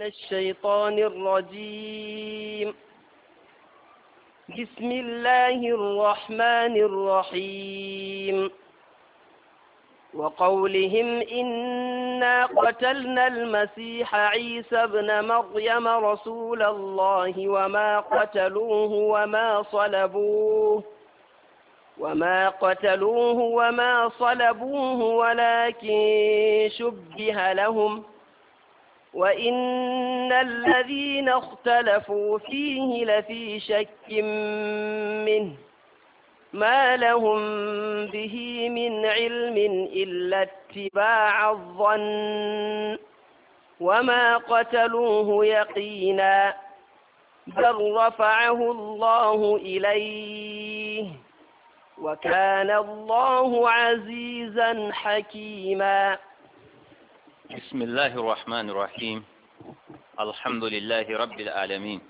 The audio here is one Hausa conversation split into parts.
من الشيطان الرجيم بسم الله الرحمن الرحيم وقولهم إنا قتلنا المسيح عيسى ابن مريم رسول الله وما قتلوه وما صلبوه وما قتلوه وما صلبوه ولكن شبه لهم وإن الذين اختلفوا فيه لفي شك منه ما لهم به من علم إلا اتباع الظن وما قتلوه يقينا بل رفعه الله إليه وكان الله عزيزا حكيما بسم الله الرحمن الرحيم الحمد لله رب العالمين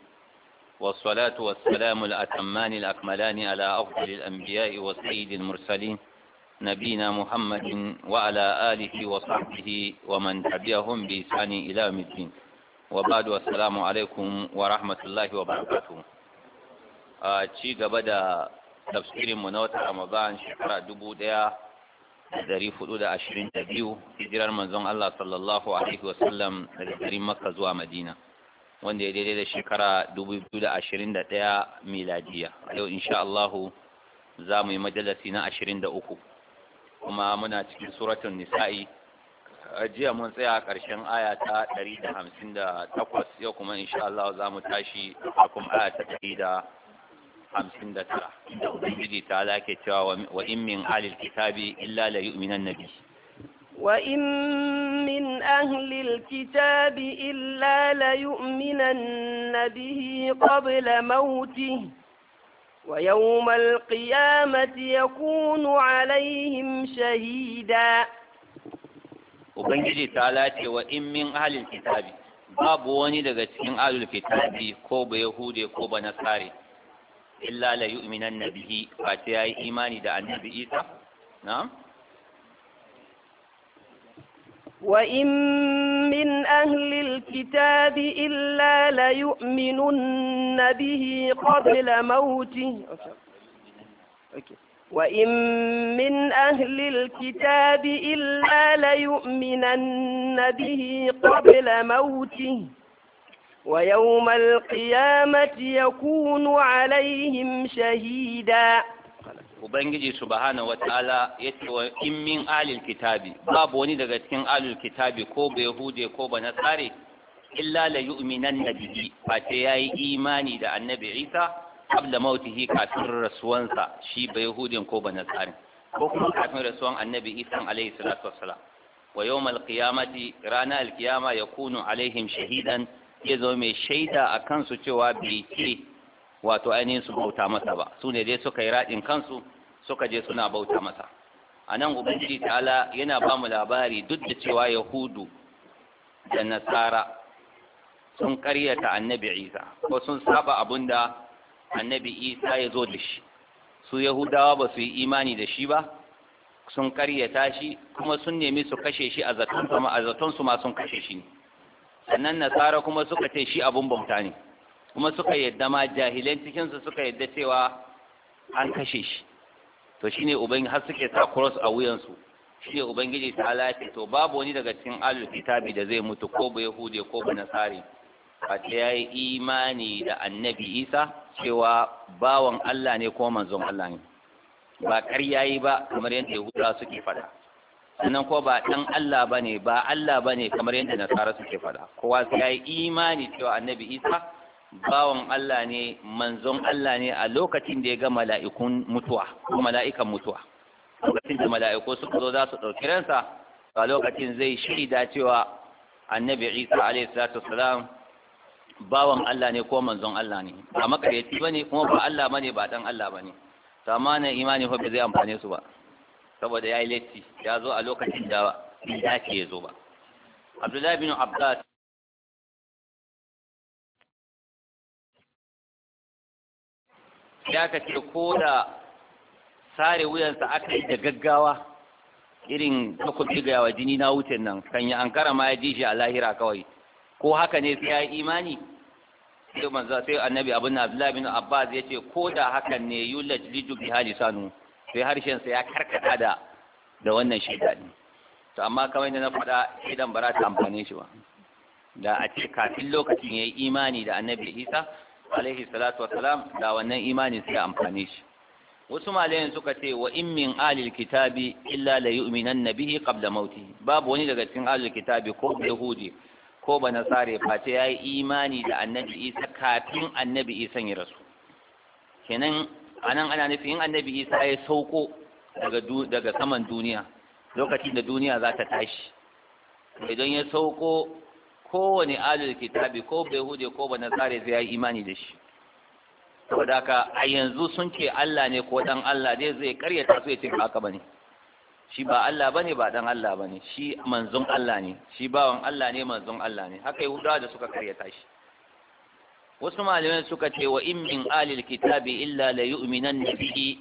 والصلاة والسلام الأتمان الأكملان على أفضل الأنبياء والسيد المرسلين نبينا محمد وعلى آله وصحبه ومن تبعهم بإسان إلى الدين وبعد والسلام عليكم ورحمة الله وبركاته أتشيق آه، بدأ تفسير منوتة رمضان شكرا دبو dari hudu da ashirin da biyu hijirar manzon Allah sallallahu alaihi wasallam daga garin Makka zuwa Madina wanda ya daidai da shekara dubu biyu da ashirin da ɗaya miladiya a yau insha Allahu za mu yi majalasi na ashirin da uku kuma muna cikin suratun nisa'i jiya mun tsaya a ƙarshen aya ta ɗari da hamsin da takwas yau kuma insha Allah za mu tashi a kuma aya ta ɗari da hamsin da tara da ubangiji ta lake cewa wa in min alil kitabi illa la yu'minan nabi wa in min ahlil kitabi illa la yu'minan nabihi qabla mautih wa yawmal qiyamati yakunu alaihim shahida ubangiji ta lake wa in min ahlil kitabi babu wani daga cikin ahlul kitabi ko ba yahude ko ba nasare إلا لا يؤمن النبي فاتي أي إيمان إذا النبي annabi نعم وإن من أهل الكتاب إلا ليؤمنن به قبل موته وإن من أهل الكتاب إلا ليؤمنن به قبل موته ويوم القيامة يكون عليهم شهيدا Ubangiji subhanahu wa ta'ala ya ce wa in min alil kitabi babu wani daga cikin alil kitabi ko ba yahude ko ba na nasare illa la yu'minan nabihi face yi imani da annabi Isa Abda mautihi kafin rasuwansa shi ba yahudin ko ba na tsare. ko kuma kafin rasuwan annabi Isa alaihi salatu wassalam wa yawmal qiyamati rana al qiyama yakunu alaihim shahidan ya zo mai shaida a kansu cewa bai ce wato ainihin su bauta masa ba su ne dai suka yi raɗin kansu suka je suna bauta masa a nan ubangiji ta'ala yana ba mu labari duk da cewa yahudu da nasara sun karyata annabi isa ko sun saba abin da annabi isa ya zo da shi su yahudawa ba su yi imani da shi ba sun karyata shi kuma sun nemi su kashe shi a zaton su ma sun kashe shi ne sannan nasara kuma suka ce shi abun bauta ne kuma suka yadda ma jahilan cikinsu suka yadda cewa an kashe shi to shine Ubangiji har suke sa cross a wuyansu shine ubangiji ta halaye to babu wani daga cikin alul kitabi da zai mutu ko ba yahude ko ba nasari face ya yi imani da annabi isa cewa bawan allah ne ko manzon allah ne ba karya yi ba kamar yadda yahudawa suke faɗa sannan ko ba ɗan Allah ba ne, ba Allah ba ne kamar yadda nasara suke fada kowa ya yi imani cewa annabi Isa bawan Allah ne manzon Allah ne a lokacin da ya ga mala'ikun mutuwa ko mala'ikan mutuwa lokacin da mala'iku suka zo za su ɗauki ransa a lokacin zai shaida cewa annabi Isa alaihi salatu wassalam bawan Allah ne ko manzon Allah ne ba makaryaci bane kuma ba Allah bane ba dan Allah bane to amma ne imani fa bai zai amfane su ba saboda ya yi latti ya zo a lokacin da ya dace ya zo ba abdullahi bin abbas ya ka ce ko da sare wuyansa aka yi da gaggawa irin takwabci ga yawa jini na wucin nan kan yi an ma ya ji shi a lahira kawai ko haka ne sai ya yi imani sai manzo sai annabi abin abdullahi bin abbas ya ce ko da hakan ne yulaj lidu bi halisanu sai harshen sa ya karkata da da wannan shaida ne to amma kamar yadda na faɗa idan ba za ta amfane shi ba da a ce kafin lokacin ya yi imani da annabi isa alaihi salatu wasalam da wannan imani sai amfane shi wasu malayan suka ce wa in min alil kitabi illa la yu'minanna bihi qabla mauti babu wani daga cikin alil kitabi ko yahudi ko ba nasare face yayi imani da annabi isa kafin annabi isa ya rasu kenan anan ana nufin in annabi isa ya sauko daga saman duniya lokacin da duniya za ta tashi idan ya sauko kowane alul kitabi ko bai hude ko ba nasare zai yi imani da shi saboda ka a yanzu sun ce Allah ne ko dan Allah dai zai karyata su ya ce ba haka bane shi ba Allah bane ba dan Allah bane shi manzon Allah ne shi bawan Allah ne manzon Allah ne haka Yahudawa da suka karyata shi wasu malamai suka ce wa in min alil kitabi illa la yu'minan bihi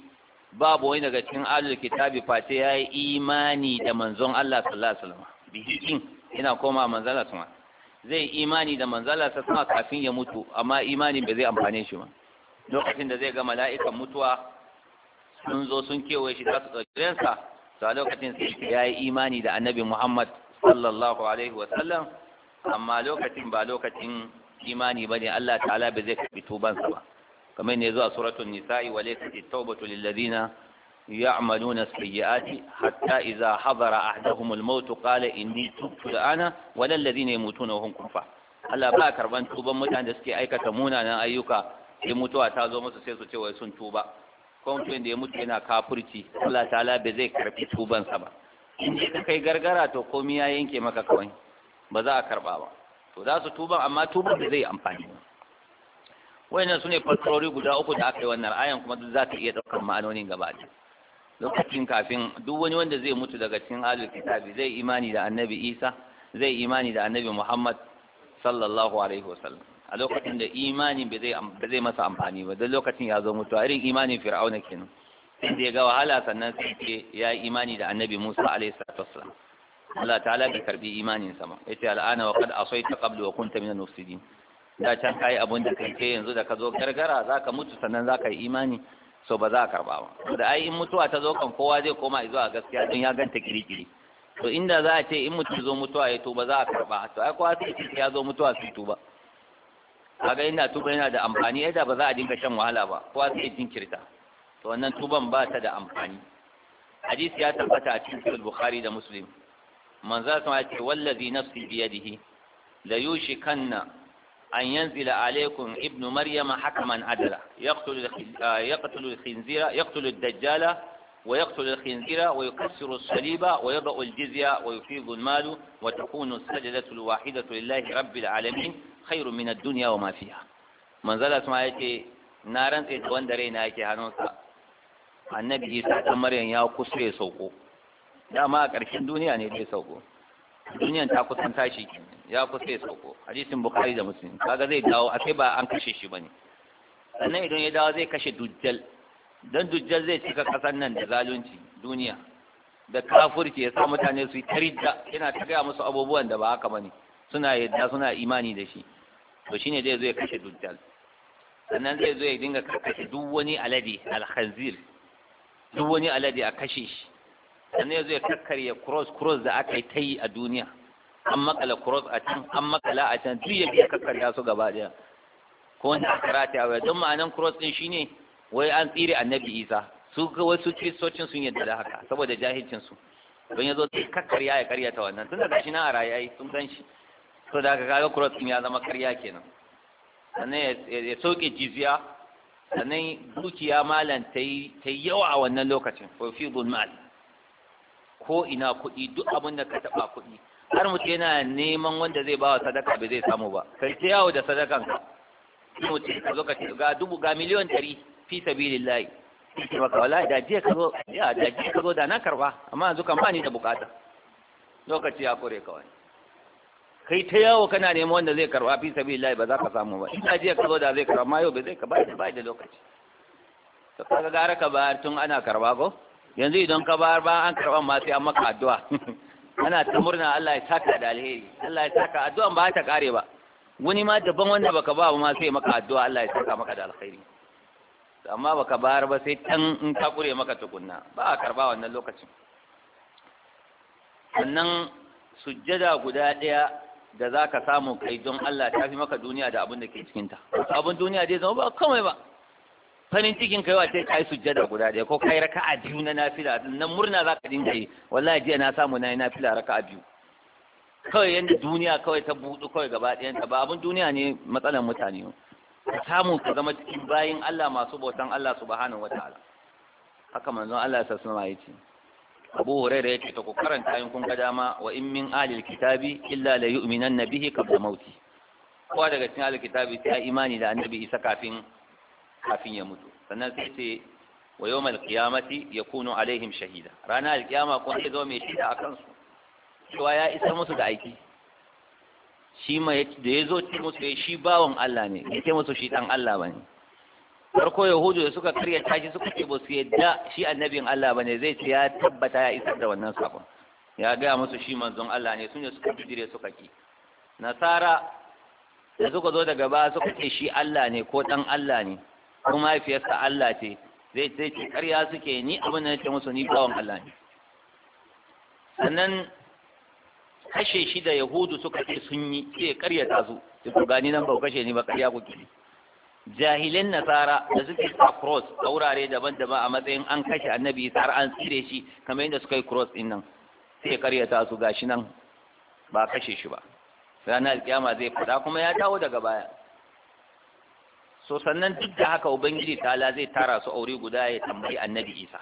babu wani daga cikin alil kitabi face yi imani da manzon Allah sallallahu alaihi wasallam bihi din ina koma manzon Allah sallallahu zai imani da manzon Allah sallallahu kafin ya mutu amma imanin bai zai amfane shi ba lokacin da zai ga mala'ikan mutuwa sun zo sun kewaye shi za su ɗauki ransa to a lokacin sai ya yi imani da annabi Muhammad sallallahu alaihi wasallam amma lokacin ba lokacin imani bane Allah ta'ala bai zai karbi tubansa ba kamar ne zuwa suratul nisa'i wa laysa at lil ladina ya'maluna sayyi'ati hatta idza hadara ahaduhum maut qala inni tubtu ana wa lil ladina yamutuna wa hum Allah ba karban tuban mutanen da suke aikata munanan ayyuka sai mutuwa ta zo musu sai su ce wai sun tuba ko mutum da ya mutu yana kafurci. Allah ta'ala bai zai karbi tubansa ba in ta kai gargara to komai ya yanke maka kawai ba za a karba ba to za su tuba amma tuba da zai amfani wayannan sune fasarori guda uku da aka yi wannan ayan kuma duk za ta iya ɗaukar ma'anonin gaba da lokacin kafin duk wani wanda zai mutu daga cikin ahlul kitabi zai imani da annabi isa zai imani da annabi muhammad sallallahu alaihi wasallam a lokacin da imanin ba zai masa amfani ba don lokacin ya zo a irin imanin fir'auna kenan sai da ya ga wahala sannan sai ya imani da annabi musa alaihi salatu wasallam Allah ta'ala bai karbi imanin sama ya ce al'ana wa asoi ta qablu wa kunta minal mufsidin da can kai abun da kai yanzu da ka zo gargara zaka mutu sannan zaka yi imani so ba za ka karba ba da ai in mutuwa ta zo kan kowa zai koma zuwa gaskiya don ya ganta kirikiri to inda za a ce in mutu zo mutuwa ya tuba za a karba to ai kowa sai ya zo mutuwa su tuba kaga inda tuba yana da amfani yadda ba za a dinga shan wahala ba kowa sai jinkirta to wannan tuban ba ta da amfani hadisi ya tabbata a cikin bukhari da muslim من ذا سمع والذي نفسي بيده ليوشكن أن ينزل عليكم ابن مريم حكما عدلا يقتل آه، يقتل الخنزير يقتل الدجال ويقتل الخنزير ويكسر الصليب ويضع الجزية ويفيض المال وتكون السجدة الواحدة لله رب العالمين خير من الدنيا وما فيها من ذا سمع نارن تسوان درينا يكي هنوسا annabi isa ɗan maryam ya kusa dama a ƙarshen duniya ne zai sauko duniyan ta kusan tashi ya kusa ya sauko hadisin bukari da muslim kaga zai dawo a sai ba an kashe shi bane sannan idan ya dawo zai kashe dujjal dan dujjal zai cika ƙasar nan da zalunci duniya da kafirci ya sa mutane su yi tarida yana ta gaya musu abubuwan da ba haka ne suna yadda suna imani da shi to shine zai zo ya kashe dujjal sannan zai zo ya dinga kashe duk wani alade alkhanzir duk wani alade a kashe shi sannan ya zo ya kakkarya cross cross da aka yi ta yi a duniya an makala cross a can an makala a can duk ya biya kakkarya su gaba daya ko wanda aka rataya waya don ma'anan cross din shine wai an tsire annabi isa su ga wasu kristocin sun yadda da haka saboda jahilcin su don ya zo ta kakkarya ya karya ta wannan tun daga shi na a rayayi sun san shi to da aka kaga cross din ya zama karya kenan sannan ya sauke jizya sannan dukiya malam ta yi yawa a wannan lokacin ko fi mal ko ina kuɗi duk abin da ka taɓa kuɗi har mutum yana neman wanda zai bawa sadaka bai zai samu ba kai ta yawo da sadakan ka mutum ka zo ka ce ga dubu ga miliyon ɗari fi sabilillahi ce maka wala da jiya ka zo ya da jiya ka zo da na karba amma yanzu kan bani da bukata lokaci ya kore ka wani. kai ta yawo kana neman wanda zai karba fi layi. ba za ka samu ba ina jiya ka zo da zai karba amma yau bai zai ka bai da lokaci to kaga gara ka bayar tun ana karba ko yanzu idan ka bayar ba an karɓa ma sai an maka addu'a ana ta murna Allah ya saka da alheri Allah ya saka addu'an ba ta kare ba wani ma daban wanda baka ba ma sai maka addu'a Allah ya saka maka da alheri amma baka bayar ba sai tan in ka kure maka tukunna ba a karba wannan lokacin sannan sujjada guda ɗaya da za ka samu kai don Allah ta fi maka duniya da abin da ke cikinta abin duniya dai zama ba kamai ba farin cikin kai wace kai sujjada guda ɗaya ko kai raka'a biyu na nafila nan murna zaka dinga yi wallahi jiya na samu na yi nafila raka'a biyu kawai yanda duniya kawai ta buɗu kawai gaba ɗayan ta ba abun duniya ne matsalar mutane ka samu ka zama cikin bayin Allah masu bautan Allah subhanahu wataala haka manzon Allah ya sa yace Abu Hurairah yace to ku karanta yin kun ga dama wa in min alil kitabi illa la yu'minanna bihi qabla mauti kowa daga cikin alkitabi ta sai imani da annabi Isa kafin kafin ya mutu sannan sai ce wa yawmal ya yakunu alaihim shahida ranar alkiyama ko zai zama mai shida a kansu cewa ya isa musu da aiki shi ma da ya zo ce musu ya eh, shi bawan Allah ne ya ce musu shi dan Allah ba ne farko yahudu da suka karya tashi suka ce ba su yadda shi annabin Allah ba ne zai ce ya tabbata ya isar da wannan sabon ya gaya musu shi manzon Allah ne sun ne suka bidire suka ki nasara da suka zo daga ba suka ce shi Allah ne ko dan Allah ne ko mahaifiyarsa Allah ce zai ce ƙarya suke ni abin da nake musu ni bawan Allah ne sannan kashe shi da yahudu suka ce sun yi sai ta su da ku gani nan ba kashe ni ba ƙarya ku ki jahilin nasara da suke sa cross a wurare daban-daban a matsayin an kashe annabi har an tsire shi kamar yadda suka yi cross din nan sai ta su gashi nan ba kashe shi ba ranar alkiyama zai fada kuma ya dawo daga baya so sannan duk da haka ubangiji ta'ala zai tara su aure guda ya tambayi annabi isa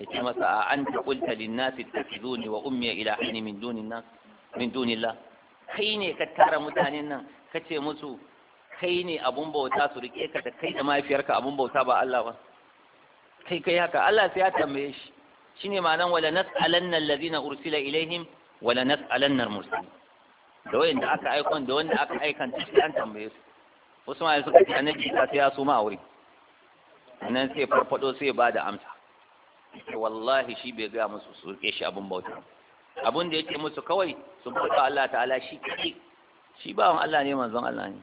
ya ce masa a an ta kulta linnasi tafizuni wa ummiya ila hani min dunin min kai ne ka tara mutanen nan ka ce musu kai ne abun bauta su rike ka da kai da mahaifiyarka abun bauta ba Allah ba kai kai haka Allah sai ya tambaye shi shine ma'anan wala nas'alanna allazina ursila ilaihim wala nas'alanna al-mursalin da wanda aka aikon da wanda aka aikanta sai an tambaye su wasu ma suka ce annabi isa sai ya ma a wuri. nan sai farfado sai ba da amsa wallahi shi bai gaya musu su rike shi abin bauta Abun da yake musu kawai su bauta Allah ta'ala shi kai shi bawan Allah ne manzon Allah ne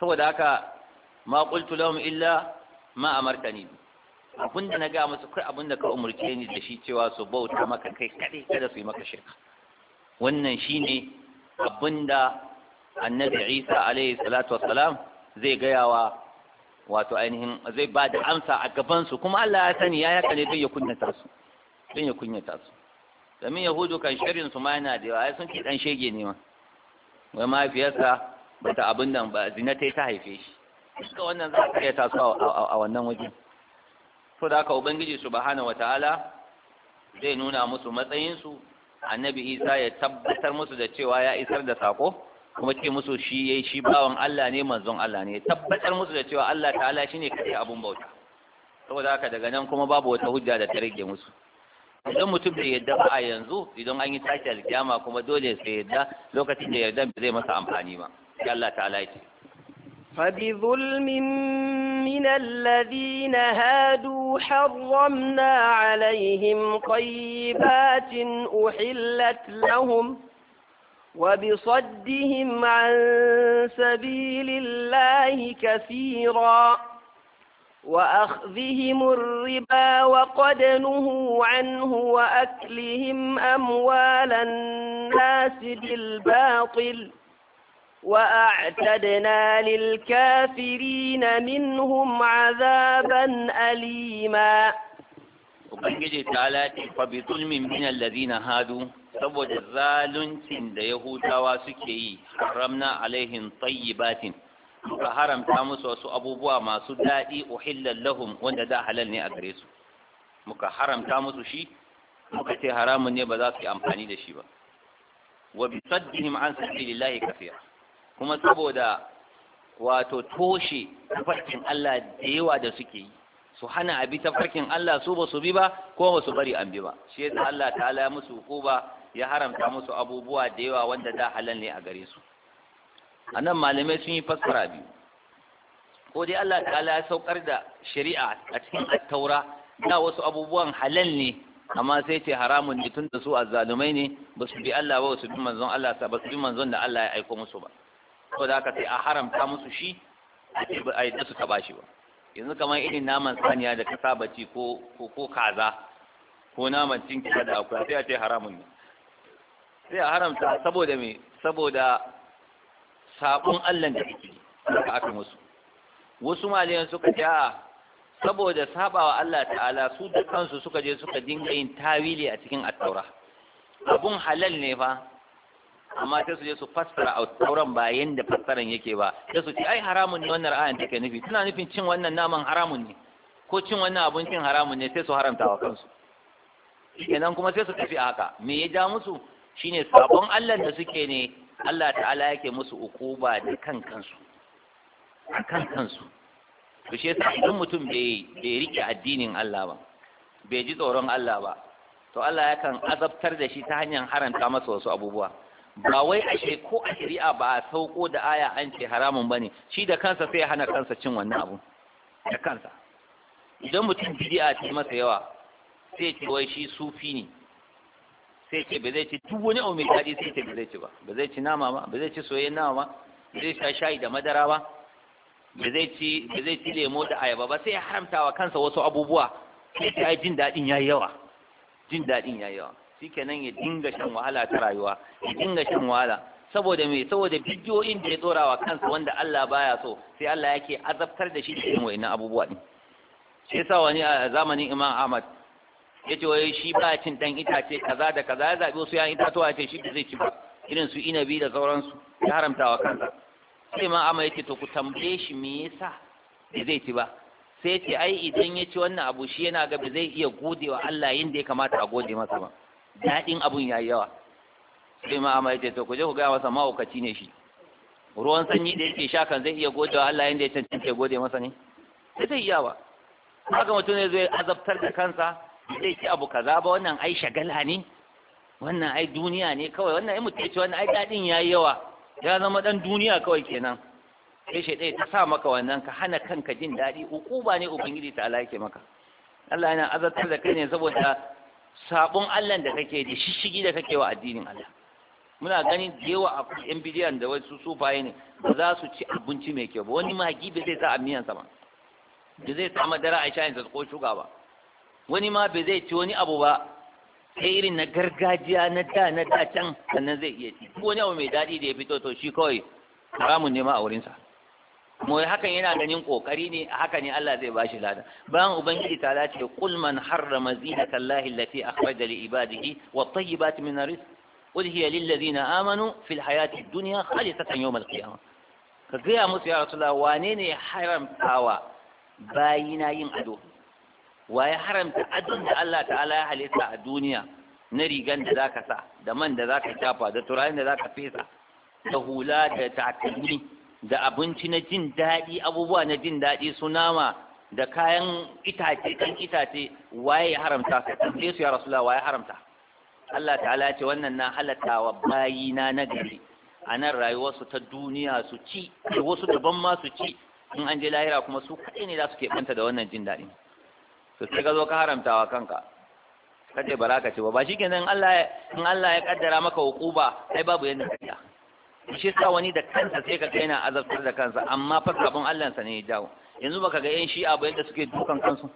saboda haka ma qultu lahum illa ma amartani Abun da na ga musu kai abun da ka umurce ni da shi cewa su bauta maka kai kada su yi maka shirka wannan shine abin da annabi isa alaihi salatu wassalam zai gaya wa wato ainihin zai ba da amsa a gabansu kuma Allah ya sani ya yaka ne don ya kunyata su don ya kunyata su domin yahudu kan shirin su ma yana da yawa sun ce dan shege ne ma wai mahaifiyarsa ba ta abin nan ba zina ta ta haife shi duka wannan za ka iya taso a wannan waje to da haka ubangiji subhanahu wataala zai nuna musu matsayinsu annabi isa ya tabbatar musu da cewa ya isar da sako kuma ce musu shi yayi shi bawan Allah ne manzon Allah ne tabbatar musu da cewa Allah ta'ala ne kai abun bauta saboda haka daga nan kuma babu wata hujja da ta rage musu idan mutum bai yarda ba a yanzu idan an yi tashi alkiyama kuma dole sai yarda lokacin da yardan zai masa amfani ba sai Allah ta'ala ya فبظلم من الذين هادوا حرمنا عليهم طيبات أحلت لهم وبصدهم عن سبيل الله كثيرا وأخذهم الربا وقد نهوا عنه وأكلهم أموال الناس بالباطل وأعتدنا للكافرين منهم عذابا أليما وبنجي تعالى فبظلم من الذين هادوا saboda zaluncin da yahudawa suke yi haramna alaihin tayyibatin muka haramta musu wasu abubuwa masu daɗi uhillal lahum wanda da halal ne a gare su muka haramta musu shi muka ce haramun ne ba za su yi amfani da shi ba wa bi saddihim an sabilillahi kafiya kuma saboda wato toshe tafarkin Allah da yawa da suke yi su hana abi tafarkin Allah su ba su bi ba ko ba su bari an bi ba shi yasa Allah ta'ala musu hukuba ya haramta musu abubuwa da yawa wanda da halal ne a gare su a nan malamai sun yi fassara biyu ko dai Allah ta'ala ya saukar da shari'a a cikin attaura da wasu abubuwan halal ne amma sai ce haramun ne tun da su azzalumai ne ba su bi Allah ba su bi manzon Allah ba su bi manzon da Allah ya aiko musu ba da haka sai a haramta musu shi a yi da su taba shi ba yanzu kamar irin naman saniya da kasabaci ko ko kaza ko naman cinki da akwai sai a ce haramun ne sai a haramta saboda me saboda sabon Allah da kake haka aka musu wasu maliyan suka ce a saboda sabawa Allah ta'ala su da kansu suka je suka dinga yin tawili a cikin at-taura abun halal ne fa amma sai su je su fassara a tauran ba yanda fassaran yake ba sai su ce ai haramun ne wannan ra'ayin take nufi tana nufin cin wannan naman haramun ne ko cin wannan abincin haramun ne sai su haramta wa kansu kenan kuma sai su tafi a haka me ya ja musu shine sabon Allah da suke ne Allah ta'ala yake musu ukuba da kan kansu a kan kansu to shi yasa idan mutum bai bai rike addinin Allah ba bai ji tsoron Allah ba to Allah yakan azabtar da shi ta hanyar haranta masa wasu abubuwa ba wai ashe ko a shari'a ba a sauko da aya an ce haramun bane shi da kansa sai hana kansa cin wannan abu da kansa idan mutum bid'a ce masa yawa sai ce wai shi sufi ne sai ce ba zai ci duk wani abu mai daɗi sai ce ba zai ci ba ba zai ci nama ba ba zai ci soyayyen nama ba ba zai sha shayi da madara ba ba zai ci ba zai ci lemo da ayaba ba sai ya haramta wa kansa wasu abubuwa sai ta jin daɗin yayi yawa jin daɗin yayi yawa shikenan ya dinga shan wahala ta rayuwa ya dinga shan wahala saboda me saboda bidiyoyin da ya tsora wa kansa wanda Allah baya so sai Allah yake azabtar da shi da irin wa'annan abubuwa din sai sa wani a zamanin Imam Ahmad Ya ce, wai shi ba cin dan itace kaza da kaza ya zaɓi wasu yayin itatuwa ce shi da zai ci ba irin su inabi da sauransu ya haramta wa kansa sai ma amma ce to ku tambaye shi me yasa ba zai ci ba sai ce ai idan ya ci wannan abu shi yana ga ba zai iya gode wa Allah yanda ya kamata a gode masa ba daɗin abun yi yawa sai ma amma ce to ku je ku gaya masa mahaukaci ne shi ruwan sanyi da yake sha kan zai iya gode wa Allah yanda ya cancanta gode masa ne sai zai iya ba haka mutum ne zai azabtar da kansa zai ci abu kaza ba wannan ai shagala ne wannan ai duniya ne kawai wannan ai mutum ce wannan ai dadin yayi yawa ya zama dan duniya kawai kenan sai dai ta sa maka wannan ka hana kanka jin daɗi ukuba ne ubangiji ta alake maka Allah yana azartar da kai ne saboda sabon Allah da kake da shishigi da kake wa addinin Allah muna ganin da yawa a yan bidiyan da wasu sufaye ne ba za su ci abinci mai kyau ba wani magi bai zai sa a miyan sama ba zai sa madara a shayin ko shuga ba wani ma bai zai ci wani abu ba sai irin na gargajiya na da na da can sannan zai iya ci wani abu mai daɗi da ya fito to shi kawai haramun nema a wurinsa mu hakan yana ganin kokari ne haka ne Allah zai bashi lada bayan ubangiji ta lace qul man harrama zinatallahi allati akhraja li ibadihi wat tayyibati min rizq qul hiya lil ladina amanu fil hayati dunya khalisatan yawm al qiyamah ka gaya musu ya rasulullah wane ne haramtawa bayina yin ado wa ya haramta adon da Allah ta'ala ya halitta a duniya na rigan da zaka sa da man da zaka shafa da turayen da zaka fesa da hula da takalmi da abinci na jin daɗi abubuwa na jin daɗi su nama da kayan itace kan itace waye ya haramta ka tambaye su ya rasulullah waye haramta Allah ta'ala ya ce wannan na halatta wa bayina na gari a nan rayuwarsu ta duniya su ci da wasu daban ma su ci in an je lahira kuma su kaɗai ne za su keɓanta da wannan jin daɗin to sai ka zo ka haramtawa kanka kace ba za ka ci ba ba shikenan Allah in Allah ya kaddara maka hukuba ai babu yanda ka iya shi sa wani da kansa sai ka ga yana azabtar da kansa amma fa sabon Allah sa ne ya jawo yanzu baka ga yan shi abu yadda suke dukan kansu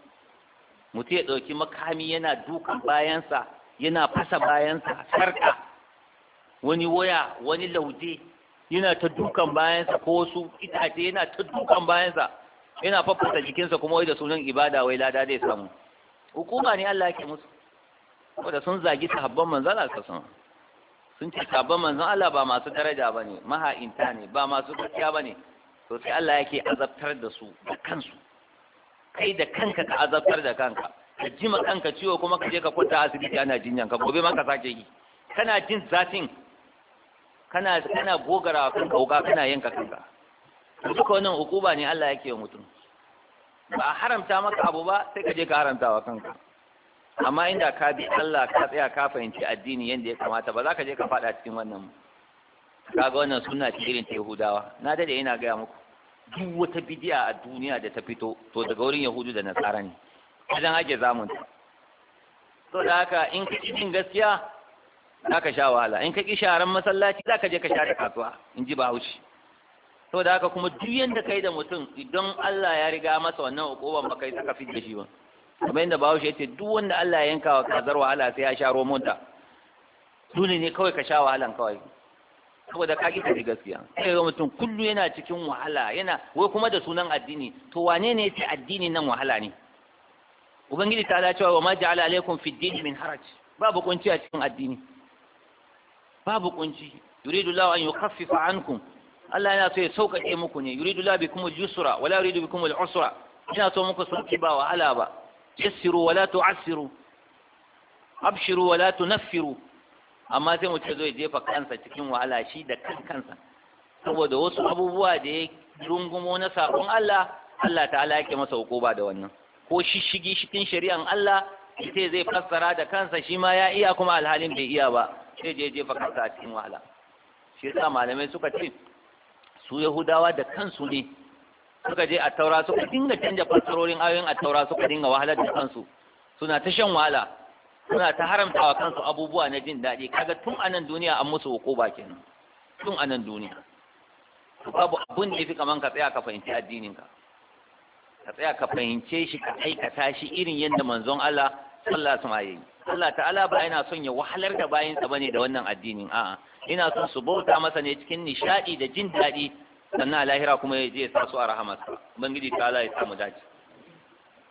mutum ya dauki makami yana dukan bayansa yana fasa bayansa sarka wani waya wani lauje yana ta dukan bayansa ko su itace yana ta dukan bayansa yana faffasa jikinsa kuma wai da sunan ibada wai lada zai samu hukuma ne Allah yake musu wanda sun zagi sahabban manzon Allah sallallahu sun ce sahabban manzon Allah ba masu daraja bane maha'inta ne ba masu gaskiya bane to sai Allah yake azabtar da su da kansu kai da kanka ka azabtar da kanka ka jima kanka ciwo kuma ka je ka kwanta asibiti ana jinyan ka gobe ma ka sake yi kana jin zafin kana kana gogara kanka wuka kana yanka kanka duka wannan hukuma ne Allah yake wa mutum ba a haramta maka abu ba sai ka je ka haramta wa kanka amma inda ka bi Allah ka tsaya ka fahimci addini yadda ya kamata ba za ka je ka faɗa cikin wannan ga wannan suna ce irin ta Yahudawa na dade ina gaya muku duk wata bidiya a duniya da ta fito to daga wurin Yahudu da Nasara ne idan ake zamunta to da haka in ka cikin gaskiya za ka sha wahala in ka ƙi sharan masallaci za ka je ka sha ta kasuwa in ji bahaushe saboda haka kuma duk yanda kai da mutum idan Allah ya riga masa wannan hukuban ba kai saka fidda shi ba kamar yadda Bahaushe ya ce duk wanda Allah ya yanka wa kazar wahala sai ya sha romonta dole ne kawai ka sha wahalan kawai saboda ka kika ji gaskiya sai ga mutum kullu yana cikin wahala yana wai kuma da sunan addini to wane ne sai addini nan wahala ne ubangiji ta cewa wa ma ja'ala alaikum fi din min haraj babu kunci a cikin addini babu kunci yuridu Allah an yukhaffifa ankum Allah yana so ya sauƙaƙe muku ne yuridu la bikum al-yusra wala yuridu bikum al-usra ina so muku sauƙi ba wahala ba yassiru wala tu'assiru abshiru wala tunaffiru amma sai mu ce zo ya jefa kansa cikin wahala shi da kan kansa saboda wasu abubuwa da ya rungumo na sabon Allah Allah ta'ala yake masa hukuma da wannan ko shishigi cikin shari'an Allah sai zai fassara da kansa shi ma ya iya kuma alhalin bai iya ba sai je jefa kansa cikin wahala shi yasa malamai suka ce su yahudawa da kansu ne suka je a taura suka dinga canja fassarorin ayoyin a taura suka dinga wahalar da kansu suna ta shan wahala suna ta haramta wa kansu abubuwa na jin daɗi kaga tun a nan duniya an musu hukuma kenan tun a nan duniya babu abun da yafi kaman ka tsaya ka fahimci addinin ka ka tsaya ka fahimce shi ka aikata shi irin yadda manzon Allah Allah su yi. Allah ta'ala ba yana son ya wahalar da bayan sa bane da wannan addinin a'a ina son su bauta masa ne cikin nishadi da jin daɗi sannan lahira kuma ya je ya sa su a rahamarsa ubangiji ta'ala ya samu dace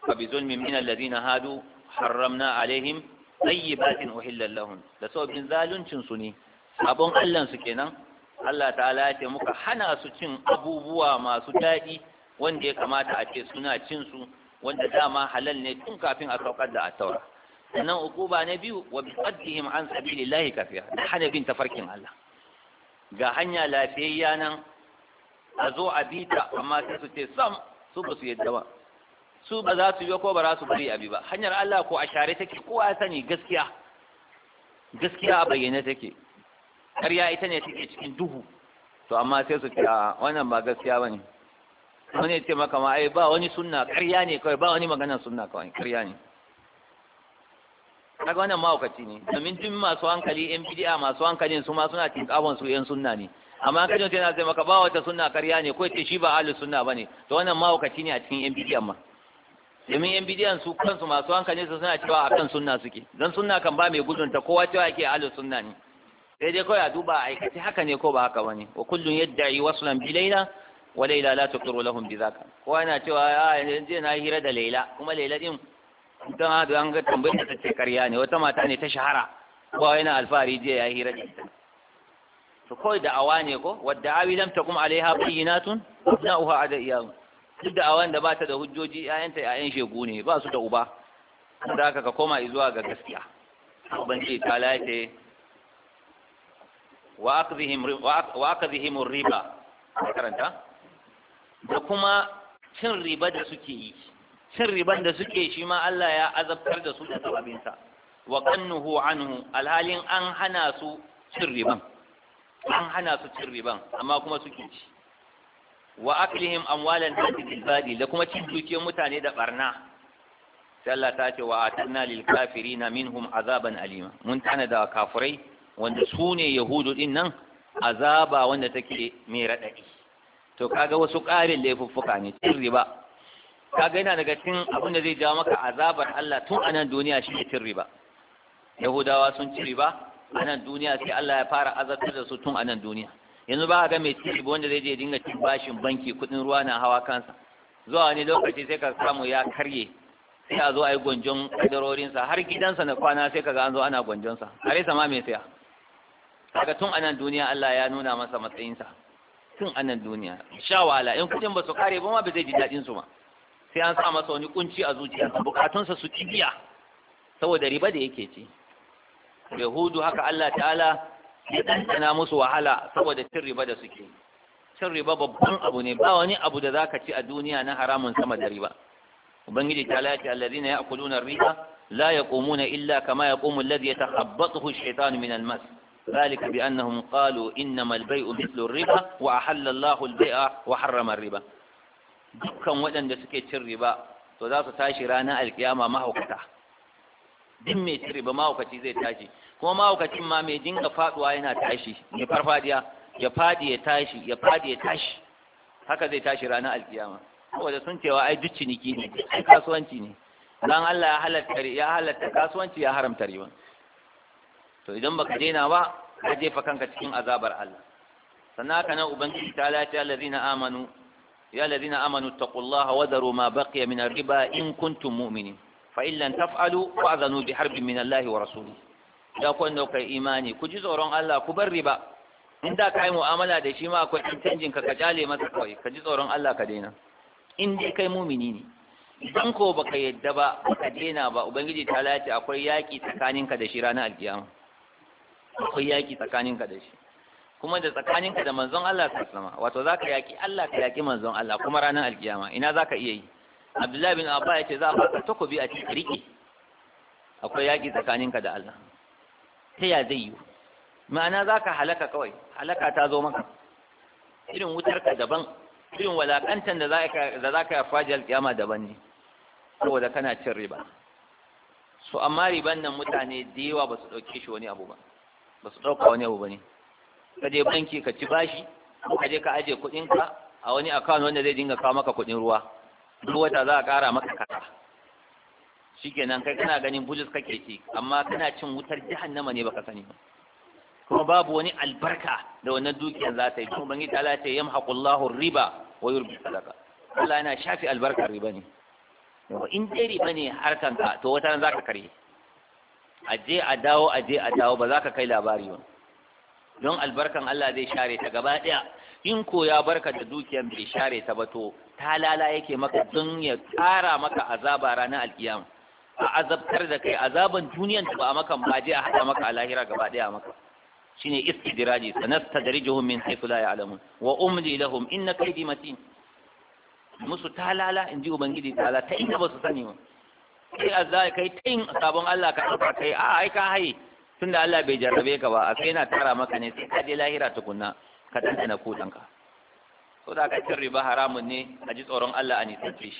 fa bi zulmin min alladhina hadu harramna alaihim tayyibatin uhillat lahum da sabbin zaluncin su ne abun Allah su kenan Allah ta'ala ya ce muka hana su cin abubuwa masu daɗi wanda ya kamata a ce suna cin su wanda dama halal ne tun kafin a saukar da taura. sannan ukuba na biyu wa bi bisaddihim an Lillahi kafiya da hana bin tafarkin Allah ga hanya lafiyayya nan a zo a bita amma sai su ce sam su ba su yadda ba su ba za su yi ko ba za su bari abi ba hanyar Allah ko a share take ko a sani gaskiya gaskiya a bayyane take ƙarya ita ne take cikin duhu to amma sai su ce wannan ba gaskiya bane wani ya ce maka ma ai ba wani sunna ƙarya ne kawai ba wani maganar sunna kawai ƙarya ne kaga wannan mahaukaci ne domin duk masu hankali yan bidiya masu hankalin su ma suna tinkawon su yan sunna ne amma an kajin tana zai maka ba wata sunna ƙarya ne ko ce shi ba ahlus sunna ne, to wannan mahaukaci ne a cikin yan bid'a ma domin yan bidiyan su kansu masu hankali su suna cewa akan sunna suke dan sunna kan ba mai gudunta kowa cewa yake ahlus sunna ne sai dai kawai a duba a aikace haka ne ko ba haka ba ne wa yi wasu waslan bilaila wa laila la tuqiru lahum bi zaka ko yana cewa a yanzu na hira da laila kuma laila din dan ma da an ga tambayar ta take karya ne wata mata ne ta shahara ko yana alfahari je ya hira da ita to kawai da ne ko wadda awi lam takum alaiha bayyinatun na'uha ada iyam duk da awan da bata da hujjoji ayanta ayan shegu ne ba su da uba da haka ka koma zuwa ga gaskiya ubangiji ta lace wa aqdihim wa aqdihim riba karanta da kuma cin riba da suke yi cin riban da suke shi ma Allah ya azabtar da su da sababinsa wa qannuhu anhu alhalin an hana su cin riban an hana su cin riban amma kuma suke ci wa aklihim amwalan nasi bil da kuma cin duke mutane da barna sai Allah ta ce wa atanna lil kafirina minhum azaban alima mun tana da kafirai wanda su ne yahudu din nan azaba wanda take mai radadi to kaga wasu ƙarin laifuffuka ne cin riba kaga yana daga cikin abin da zai jawo maka azabar Allah tun a nan duniya shi ne cin riba yahudawa sun ci riba a nan duniya sai Allah ya fara azabtar da su tun a nan duniya yanzu ba ga mai cin riba wanda zai je dinga cin bashin banki kuɗin ruwa na hawa kansa zuwa wani lokaci sai ka samu ya karye sai a zo a yi gwanjon kadarorinsa har gidansa na kwana sai ka ga an zo ana gwanjonsa rai sama mai saya kaga tun a nan duniya Allah ya nuna masa matsayinsa tun a nan duniya sha wahala in kudin ba su kare ba ma ba zai ji daɗin su ba. sai an sa masa wani kunci a zuciyarsa bukatunsa su ci biya saboda riba da yake ci yahudu haka Allah ta'ala ya ɗanɗana musu wahala saboda cin riba da suke cin riba babban abu ne ba wani abu da zaka ci a duniya na haramun sama da riba ubangiji ta lati allazina ya'kuluna riba la yaqumuna illa kama yaqumu alladhi yatakhabbathu ash-shaytanu min al-mas ذلك بأنهم قالوا إنما البيع مثل الربا وأحل الله البيع وحرم الربا dukkan waɗanda suke cin riba to za su tashi ranar alkiyama mahaukata din mai cin riba mahaukaci zai tashi kuma mahaukacin ma mai dinga faduwa yana tashi mai farfadiya ya fadi ya tashi ya fadi ya tashi haka zai tashi ranar alkiyama saboda sun cewa ai duk ciniki ne ai kasuwanci ne dan Allah ya halatta ya halatta kasuwanci ya haramta riba to idan baka daina ba ka jefa kanka cikin azabar Allah sannan haka nan ubangiji ta lati allazina amanu ya allazina amanu taqullaha wa daru ma baqiya min ar-riba in kuntum mu'minin fa in lam taf'alu fa'zanu bi harbin min Allah wa rasulih da ku ne kai imani ku ji tsoron Allah ku bar riba in da kai mu'amala da shi ma akwai ɗan canjin ka ka jale masa kawai ka ji tsoron Allah ka daina in dai kai mumini ne idan ko baka yadda ba ka daina ba ubangiji ta lati akwai yaki tsakaninka da shi ranar alkiyama akwai yaki tsakaninka da shi kuma da tsakaninka da manzon Allah wasallam wato zaka yaki Allah ka yaki manzon Allah kuma ranar alkiyama ina zaka iya yi Abdullahi bin Abba yace za a baka takobi a cikin riki akwai yaki tsakaninka da Allah ta ya zai yi ma'ana zaka halaka kawai halaka ta zo maka irin wutar ka daban irin walakantan da zaka da zaka yi faji alkiyama daban ne saboda kana cin riba so amma riban nan mutane da yawa ba su dauke shi wani abu ba ba su ɗauka wani abu ba ne ka je banki ka ci bashi ka je ka aje kuɗinka a wani akawun wanda zai dinga kawo maka kuɗin ruwa duk wata za a ƙara maka kasa shikenan kai kana ganin bujus kake ci amma kana cin wutar jahannama ne baka sani ba kuma babu wani albarka da wannan dukiyar za ta yi kuma bangi ta ce yamhaqullahu riba wa yurbi sadaka Allah yana shafi albarkar riba ne in dai riba ne ka to wata zaka karye a je a dawo a a dawo ba za ka kai labari ba don albarkan Allah zai share ta gaba ɗaya in ko ya barka da dukiyar bai share ta ba to talala yake maka don ya tsara maka azaba ranar alkiyama a azabtar da kai azaban duniyan da ba a maka ba je a hada maka a lahira gaba ɗaya maka shine istidraji sanastadrijuhum min haythu la ya'lamun wa umli lahum inna kaydi matin musu talala inji ubangiji ta'ala ta inda ba su sani ba a azzai kai tayin sabon Allah ka dauka kai a ai ka haye tunda Allah bai jarrabe ka ba a kai na tara maka ne sai ka je lahira tukunna ka tantana kudan ka so da ka cin riba haramun ne a ji tsoron Allah a nisan shi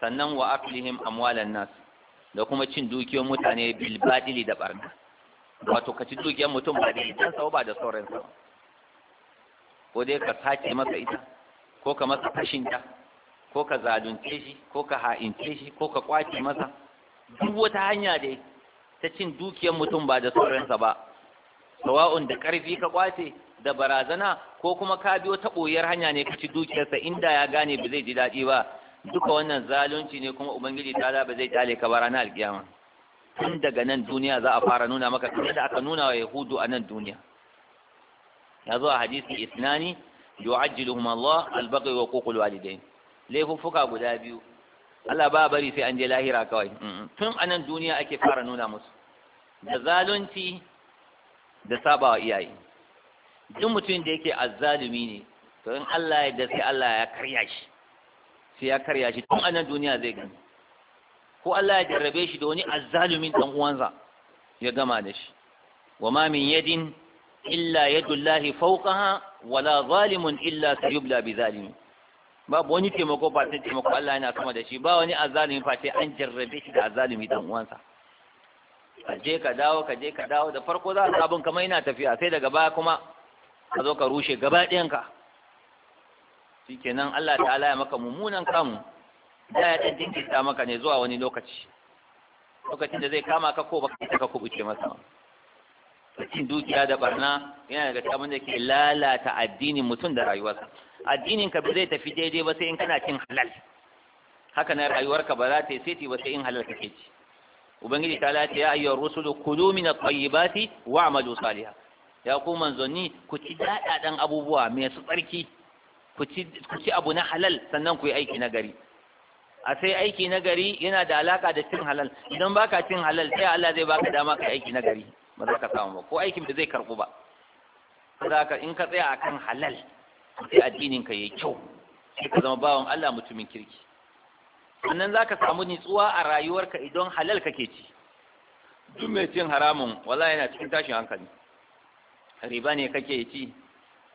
sannan wa aklihim amwalan nas da kuma cin dukiyoyin mutane bil badili da barna wato ka ci dukiyar mutum ba da ita ba da sauransa ko dai ka sace masa ita ko ka masa fashinta ko ka zalunce shi ko ka ha'ince shi ko ka kwace masa duk wata hanya dai ta cin dukiyar mutum ba da sauransa ba sawa'un da ƙarfi ka kwace da barazana ko kuma ka biyo ta ɓoyar hanya ne ka ci dukiyarsa inda ya gane ba zai ji daɗi ba duka wannan zalunci ne kuma ubangiji ta ba zai kyale ka ba ranar alkiyama tun daga nan duniya za a fara nuna maka kamar da aka nuna wa yahudu a nan duniya ya zo a hadisi isnani yu'ajjiluhum Allah al-baghy wa ququl walidain laifuffuka guda biyu Allah ba bari sai an je lahira kawai tun anan duniya ake fara nuna musu da zalunci da sabawa iyaye duk mutum da yake azzalumi ne to in Allah ya da sai Allah ya karya shi sai ya karya shi tun anan duniya zai gani ko Allah ya jarrabe shi da wani azzalumin dan uwansa ya gama da shi wa ma min yadin illa yadullahi fawqaha wala zalimun illa sayubla bi zalimi babu wani taimako ba sai taimako Allah yana sama da shi ba wani azalimi fa sai an jarrabe shi da azalimi dan uwansa ka je ka dawo ka je ka dawo da farko za ka abin kamar yana tafiya sai daga baya kuma ka zo ka rushe gaba ɗayanka shikenan Allah ta'ala ya maka mummunan kamu da ya ɗan jinkirta maka ne zuwa wani lokaci lokacin da zai kama ka ko baka ka ka kubuce masa cin dukiya da barna yana daga abin da ke lalata addinin mutum da rayuwarsa addinin ka ba zai tafi daidai ba sai in kana cin halal haka na rayuwar ka ba za ta yi seti ba sai in halal kake ci ubangiji ta lati ya ayyuhar rusul kulu min at-tayyibati wa'malu salihan ya ku manzanni ku ci dan abubuwa mai su tsarki ku ci abu na halal sannan ku yi aiki na gari a sai aiki na gari yana da alaka da cin halal idan baka cin halal sai Allah zai baka dama ka aiki na gari ba za ka samu ba ko aikin da zai karbu ba saboda in ka tsaya akan halal sai addinin ka yayi kyau sai ka zama bawan Allah mutumin kirki sannan zaka samu nitsuwa a rayuwarka idan halal kake ci duk mai cin haramun wala yana cikin tashin hankali riba ne kake ci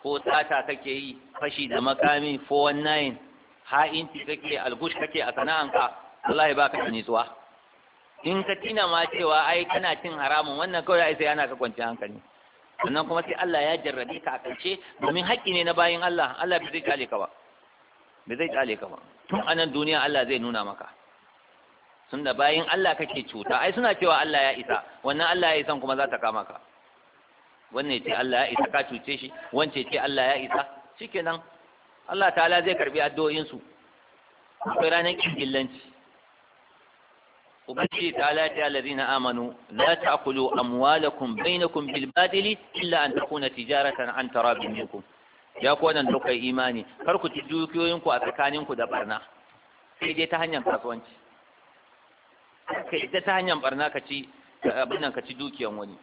ko tsata kake yi fashi da makami 419 ha'inci kake algush kake a sana'anka wallahi baka da nitsuwa in ka tina ma cewa ai kana cin haramun wannan kawai sai ana ka kwanci hankali sannan kuma sai Allah ya jarrabe ka a ƙarshe domin haƙƙi ne na bayin Allah Allah bai zai kyale ka ba bai zai kyale ka ba tun a nan duniya Allah zai nuna maka sun da bayin Allah kake cuta ai suna cewa Allah ya isa wannan Allah ya isa kuma za ta kama ka wannan ce Allah ya isa ka cuce shi wance ce Allah ya isa shikenan Allah ta'ala zai karbi addu'o'insu akwai ranar ƙin ubangiji ta lati allazina amanu la ta'kulu amwalakum bainakum bil badili illa an takuna tijaratan an tarabin minkum ya ku wannan da imani kar ku ci dukiyoyin ku a tsakanin ku da barna sai dai ta hanyar kasuwanci kai da ta hanyar barna ka ci abin nan ka ci dukiyan wani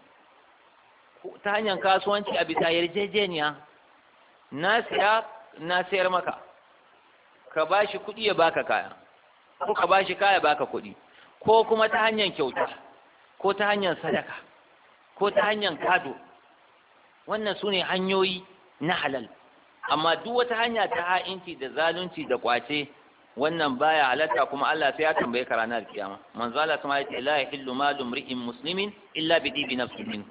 ta hanyar kasuwanci a bisa yarjejeniya na siya na sayar maka ka bashi kuɗi ya baka kaya ko ka bashi kaya baka kuɗi ko kuma ta hanyar kyauta ko ta hanyar sadaka ko ta hanyar kado wannan su ne hanyoyi na halal amma duk wata hanya ta ha'inci da zalunci da kwace wannan baya halatta kuma Allah sai ya tambaye ka ranar kiyama manzo Allah kuma ya ce la yahillu malu mri'in muslimin illa bi dibi nafsihi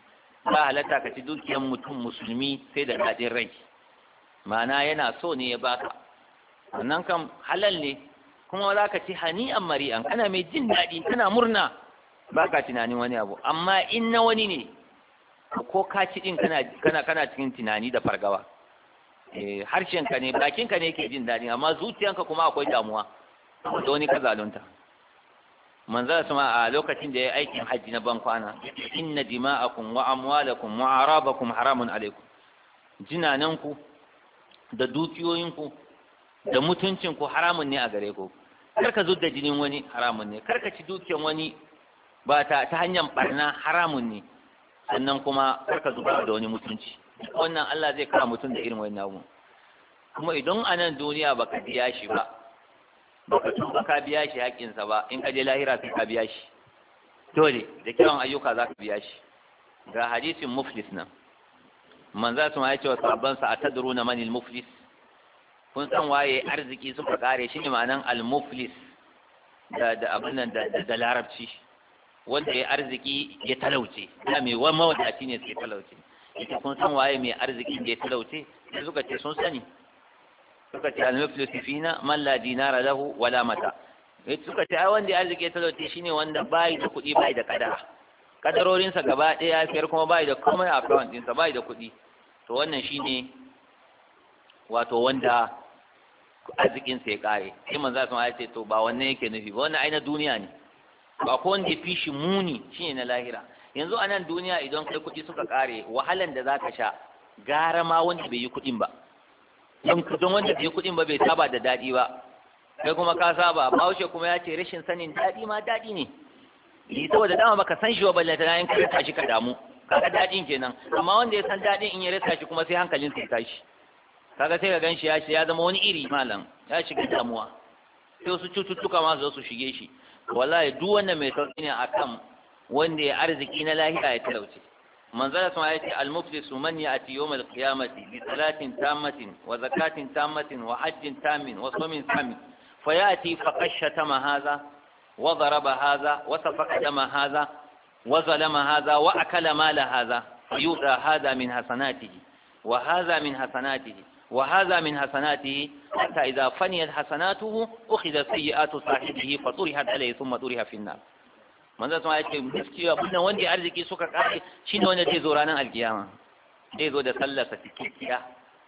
ba halatta ka ci dukiyar mutum musulmi sai da dadin rai ma'ana yana so ne ya baka wannan kam halal ne kuma za ka ci mari an kana mai jin daɗi kana murna ba ka tunanin wani abu amma in na wani ne ko ka ci ɗin kana cikin tunani da fargawa eh, harshenka ne ka ne ke jin daɗi amma zuciyanka kuma akwai damuwa da wani ka zalunta manzara sama a lokacin da ya aikin hajji na ban kwana inna dima'akum wa amwalakum wa arabakum haramun alaikum jinananku da dukiyoyinku da mutuncinku haramun ne a gare ku karka zudda jinin wani haramun ne karka ci dukiyan wani ba ta ta hanyar barna haramun ne sannan kuma karka zubar da wani mutunci wannan Allah zai kama mutum da irin wannan abu kuma idan a nan duniya baka biya shi ba baka tuba ka biya shi haƙƙinsa ba in ka je lahira sai ka biya shi dole da kiran ayyuka za ka biya shi ga hadisin muflis nan man za su ya ce wa a tadruna manil muflis kun san waye arziki suka kare shi ne ma'anan almuflis da da abin nan da larabci wanda ya arziki ya talauce da mai wani mawadaci ne sai talauce ita kun san waye mai arziki da ya talauce sai suka ce sun sani suka ce almuflis fina man la dinara lahu wala mata ne eh, suka ce ai wanda ya arziki ya talauce shine wanda bai da kuɗi bai da kadara kadarorinsa gaba ɗaya fiyar kuma bai da komai a account bai da kuɗi to wannan shine wato wanda arzikin sai kare sai manzo sun ya ce to ba wanne yake nufi ba wannan aina duniya ne ba ko wanda fi shi muni shine na lahira yanzu a nan duniya idan kai kuɗi suka kare wahalan da zaka sha gara ma wanda bai yi kuɗin ba don don wanda bai yi kuɗin ba bai saba da daɗi ba kai kuma ka saba bahaushe kuma ya ce rashin sanin daɗi ma daɗi ne ni saboda dama baka san shi wa balle ta yin ka shi ka damu kaga daɗin kenan amma wanda ya san daɗin in ya rasa shi kuma sai hankalin sai tashi kaga sai ka gan shi ya ya zama wani iri malam ya shiga damuwa sai wasu cututtuka ma su su shige shi wallahi duk wanda mai sauki ne akan wanda ya arziki na lahiya ya talauce Manzara sun ayati al-muflisu man ya'ti yawm al-qiyamati bi salatin tammatin wa zakatin tammatin wa hajjin tamin wa sawmin samin fayati faqashata mahaza, hadha wa daraba hadha wa safaqa ma hadha wa zalama hadha wa akala mala hadha fayuda hadha min hasanatihi wa hadha min hasanatihi وهذا من حسناته حتى إذا فنيت حسناته أخذ سيئات صاحبه فطرحت عليه ثم طرح في النار manzo sun ya ce gaskiya wannan wanda arziki suka kare shine wanda zai zo ranar alkiyama zai zo da sallarsa cikakkiya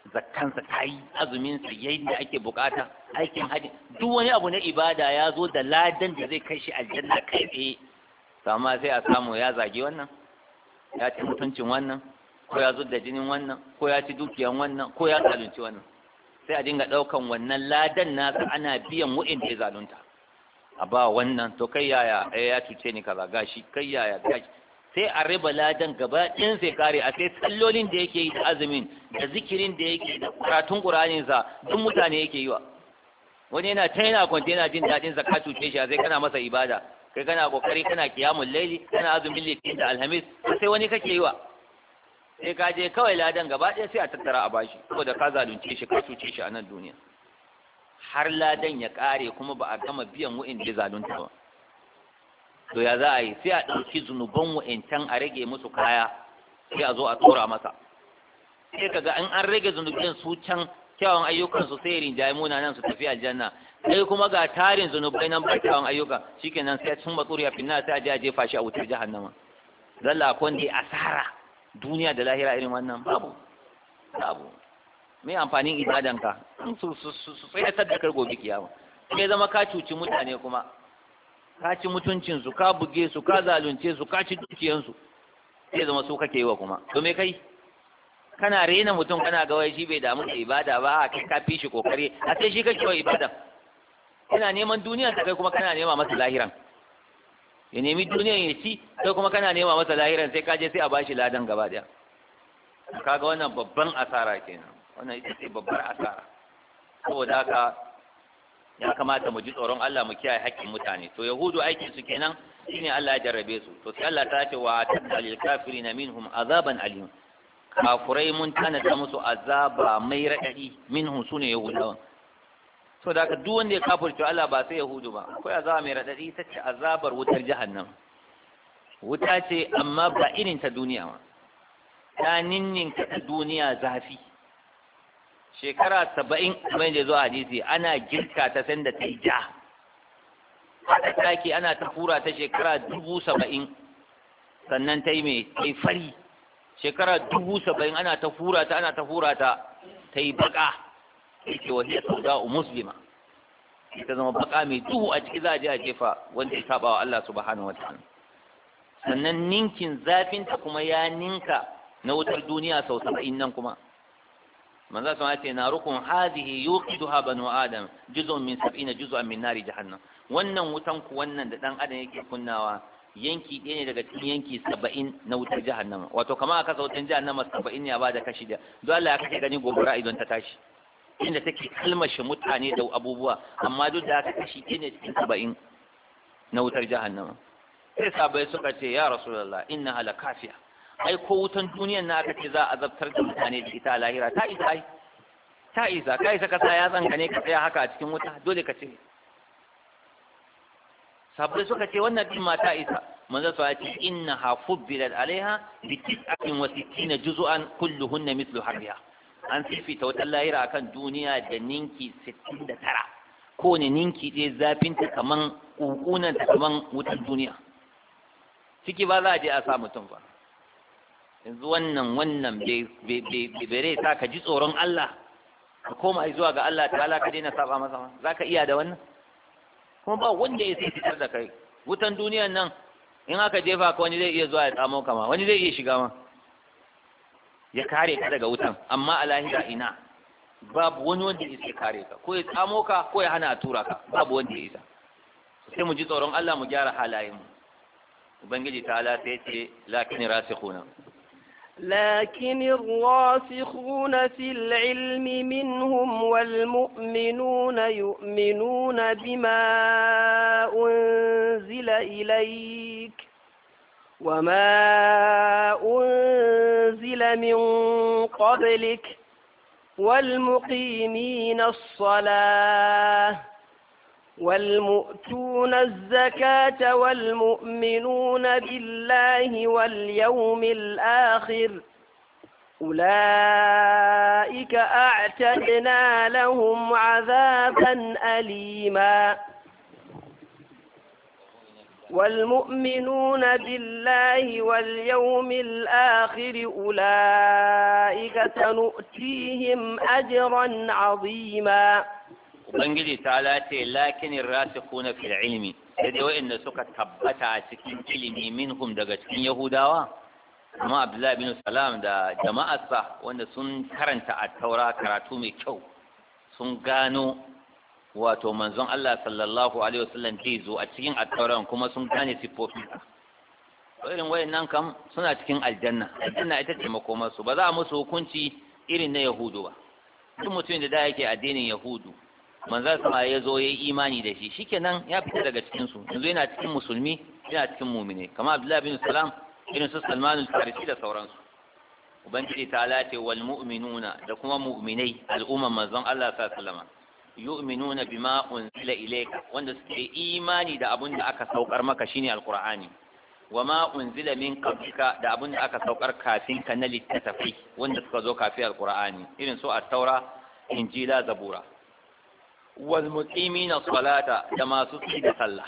ta yi azumin sa yayin da ake bukata aikin haji duk wani abu na ibada ya zo da ladan da zai kai shi aljanna kai tsaye amma sai a samu ya zage wannan ya ci mutuncin wannan ko ya da jinin wannan ko ya ci dukiyan wannan ko ya zalunci wannan sai a dinga ɗaukan wannan ladan nasa ana biyan wa'in da ya zalunta a ba wannan to kai yaya eh, ya cuce ni kaza gashi kai yaya gashi sai a riba ladan gaba ɗin sai kare a sai tsallolin da yake yi da azumin da zikirin da yake da karatun ƙuraninsa duk mutane yake yi wa wani yana ta yana kwanta yana jin daɗin zakatu cuce shi sai kana masa ibada kai kana kokari kana kiyamun laili kana azumin litinin da alhamis sai wani kake yi wa sai ka je kawai ladan gaba ɗaya sai a tattara a bashi saboda ka zalunce shi ka cuce shi a nan duniya har ladan ya ƙare kuma ba a gama biyan wa'in da zalunta ba to ya za a yi sai a ɗauki zunuban wa'intan a rage musu kaya sai a zo a tsora masa sai kaga in an rage zunubin su can kyawun ayyukan su sai rinjaye nan su tafi aljanna sai kuma ga tarin zunubai nan ba kyawun ayyuka shikenan sai sun matsuri a finna sai a je a jefa shi a wutar jahannama zalla akwai wanda ya asara duniya da lahira irin wannan babu babu me amfanin ibadanka su su su sai da sadakar gobe kiyama me zama ka cuci mutane kuma ka ci mutuncin su ka buge su ka zalunce su ka ci dukiyan su sai zama su kake yi wa kuma to me kai kana rena mutum kana ga wai shi bai damu da ibada ba a kai ka fishi shi kokari a sai shi kake wa ibada Ina neman duniya ta kai kuma kana nema masa lahiran ya nemi duniyan ya ci sai kuma kana nema masa lahiran sai kaje sai a bashi ladan gaba daya kaga wannan babban asara kenan wannan ita ce babbar asara saboda haka ya kamata mu ji tsoron Allah mu kiyaye haƙƙin mutane to yahudu aikin su kenan shine Allah ya jarrabe su to sai Allah ta ce wa ta'alil kafirin minhum azaban alim kafurai mun tanada musu azaba mai raɗaɗi minhum sune yahudawan so da haka duk wanda ya kafirce Allah ba sai yahudu ba akwai azaba mai radadi ta ce azabar wutar jahannam wuta ce amma ba irin ta duniya ba. ta ninnin ta duniya zafi shekara saba'in kamar da zuwa hadisi ana girka ta san da ta yi ja ta taki ana ta hura ta shekara dubu saba'in sannan ta yi mai ta yi fari shekara dubu saba'in ana ta hura ta ana ta hura ta ta yi baka yake wahiyar sauda'u muslima ita zama baka mai duhu a ciki za a je a jefa wanda ya saba wa Allah subhanahu wataala sannan ninkin zafin ta kuma ya ninka na wutar duniya sau saba'in nan kuma Manza sun ce na rukun hadhihi yuqiduha banu adam juz'un min sab'ina juz'an min nari jahannam wannan wutan ku wannan da dan adam yake kunnawa yanki ɗaya ne daga cikin yanki saba'in na wutar jahannama wato kama aka sautin jahannama saba'in ne a bada kashi da dole ya kashe gani gobara idan ta tashi inda take kalmashe mutane da abubuwa amma duk da haka kashi ɗaya ne cikin saba'in na wutar jahannama sai sabai suka ce ya rasulullah inna hala kafiya ai ko wutan duniyan na aka ce za a zabtar da mutane da ita lahira ta isa ai ta isa ka isa ka tsaya tsanka ne ka tsaya haka a cikin wuta dole ka ce sabai suka ce wannan din ma ta isa manzo sa ce inna hafubbilat alaiha bi tis'atin wa sittina juz'an kulluhunna mithlu harriha an fifita wutar lahira akan duniya da ninki 69 ne ninki ɗaya zafinta kaman ta kaman wutar duniya ciki ba za a je a sa mutum ba yanzu wannan wannan bere sa ka ji tsoron Allah ka koma zuwa ga Allah ta ka daina saba masa ma za ka iya da wannan kuma ba wanda ya sai fitar da kai wutan duniyan nan in aka jefa ka wani zai iya zuwa ya tsamo kama wani zai iya shiga ma ya kare ka daga wutan amma a lahira ina babu wani wanda ya kare ka ko ya tsamo ka ko ya hana a tura ka babu wanda ya isa sai mu ji tsoron Allah mu gyara halayenmu ubangiji ta ala sai ce lakin rasikhuna لكن الراسخون في العلم منهم والمؤمنون يؤمنون بما أنزل إليك وما أنزل من قبلك والمقيمين الصلاة والمؤتون الزكاة والمؤمنون بالله واليوم الآخر أولئك أعتدنا لهم عذابا أليماً والمؤمنون بالله واليوم الآخر أولئك سنؤتيهم أجرا عظيما Ubangiji ta lace lakinin rasikuna fil ilmi sai dai wa'inda suka tabbata a cikin ilimi minhum daga cikin Yahudawa amma Abdullahi bin Salam da jama'arsa wanda sun karanta a taura karatu mai kyau sun gano wato manzon Allah sallallahu alaihi wasallam zai zo a cikin attauran kuma sun gane siffofi irin wayannan kam suna cikin aljanna aljanna ita ce makomar ba za a musu hukunci irin na yahudu ba duk mutumin da da yake addinin yahudu manzon sama ya zo ya yi imani da shi shikenan ya fita daga cikin su yanzu yana cikin musulmi yana cikin mumine kamar abdullahi bin salam irin su salman al-farisi da sauransu ubangiji ta lace wal mu'minuna da kuma mu'minai al'umma manzon Allah sallallahu alaihi wasallam yu'minuna bima unzila ilayka wanda suke imani da abun da aka saukar maka shine alqur'ani wama unzila min qablika da abun da aka saukar kafin ka na littattafai wanda suka zo kafin alqur'ani irin su at-taura injila zabura wal muqimina salata da masu tsayi da sallah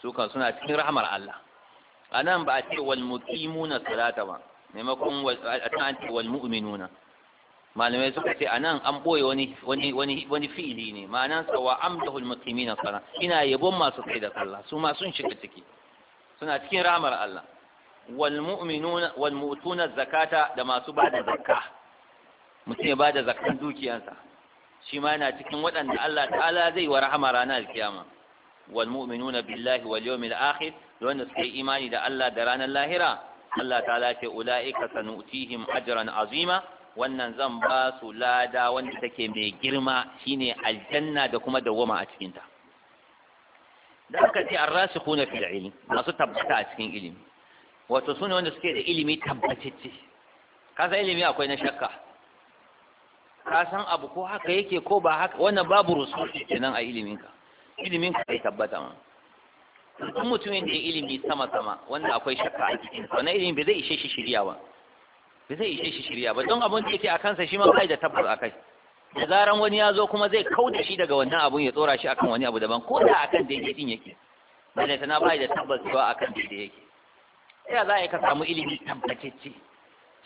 su kan suna cikin rahmar Allah anan ba a ce wal muqimuna salata ba maimakon an ce wal mu'minuna malamai suka ce a nan an ɓoye wani wani wani wani fi'ili ne ma'anan sa wa amdahu almuslimina sala ina yabon masu kai da sallah su ma sun shiga ciki suna cikin ramar Allah wal mu'minuna zakata da masu bada zakka mutum ya bada zakkan dukiyansa shi ma yana cikin waɗanda Allah ta'ala zai wa rahama ranar kiyama wal mu'minuna billahi wal yawmil akhir da wanda suka yi imani da Allah da ranar lahira Allah ta'ala ce ula'ika sanu'tihim ajran azima wannan zan ba su lada wanda take mai girma shine aljanna da kuma dawwama a cikinta da aka ce ar-rasikhuna fil ilimi masu tabbata a cikin ilimi wato sune wanda suke da ilimi tabbatacce ka san ilimi akwai na shakka ka san abu ko haka yake ko ba haka wannan babu rusuki kenan a iliminka iliminka ya tabbata ma duk mutumin da ilimi sama sama wanda akwai shakka a cikin sa wannan ilimi bai zai ishe shi shirya ba Bi zai ishe shi shirya ba don abin da yake a kansa shi ma kai da tabbas a kai da zaran wani ya zo kuma zai kauda shi daga wannan abun ya tsora shi akan wani abu daban ko da akan daidai din yake ne tana bai da tabbas a akan daidai yake ya za ka samu ilimi tabbatacce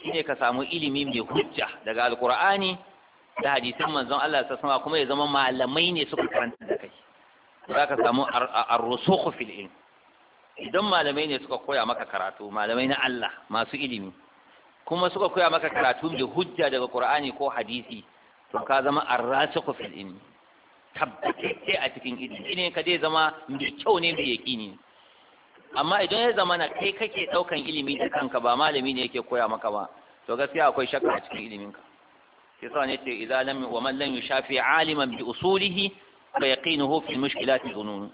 shine ka samu ilimi mai hujja daga alqur'ani da hadisin manzon Allah sallallahu alaihi wasallam kuma ya zama malamai ne suka karanta da kai za ka samu ar-rusukh fil ilm idan malamai ne suka koya maka karatu malamai na Allah masu ilimi kuma suka koya maka karatu da hujja daga qur'ani ko hadisi to ka zama arrasikhu fil ilmi tabbatacce a cikin ilimi ne ka zai zama mai kyau ne mai yaƙini amma idan ya zama na kai kake ɗaukan ilimi da kanka ba malami ne yake koya maka ba to gaskiya akwai shakka a cikin iliminka sai sa ne ce idza lam wa man lam yushafi aliman bi usulihi fa yaqinuhu fi mushkilati dunun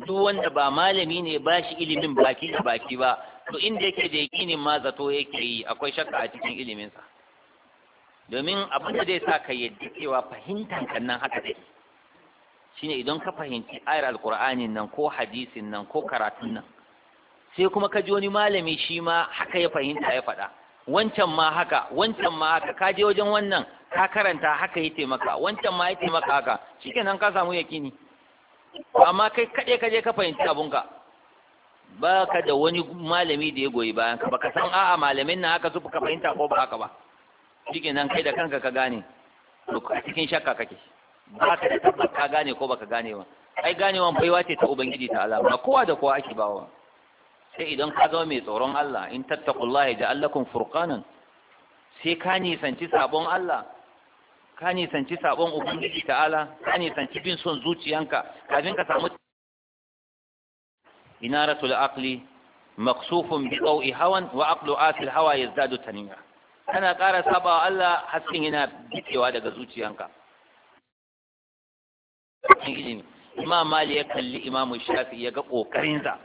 duk wanda ba malami ne ba shi ilimin baki da baki ba to inda yake da yakinin ma zato yake yi akwai shakka a cikin iliminsa domin abin da zai sa ka yadda cewa fahimtar kan nan haka Shi shine idan ka fahimci ayar alkur'anin nan ko hadisin nan ko karatun nan sai kuma ka ji wani malami shi ma haka ya fahimta ya faɗa wancan ma haka wancan ma haka ka je wajen wannan ka karanta haka ya taimaka wancan ma ya taimaka haka shikenan ka samu yakini amma kai kaɗai ka je ka fahimci abunka ba ka da wani malami da ya goyi bayan ka baka san a'a malamin na haka suka fahimta ko ba haka ba shike nan kai da kanka ka gane a cikin shakka kake ba ka da tabbas ka gane ko baka gane ba ai ganewan baiwa ce ta ubangiji ta Allah ba kowa da kowa ake bawa sai idan ka zama mai tsoron Allah in tattaqullahi ja'al lakum furqanan sai ka nisanci sabon Allah ka nisanci sabon ubangiji ta'ala ka nisanci bin son zuciyanka kafin ka samu inaratul aqli maqsufun bi dawi hawan wa aqlu asil hawa yazdadu taniya kana ƙara saba Allah hasken yana bikewa daga zuciyanka imam mali ya kalli imam shafi ya ga kokarinsa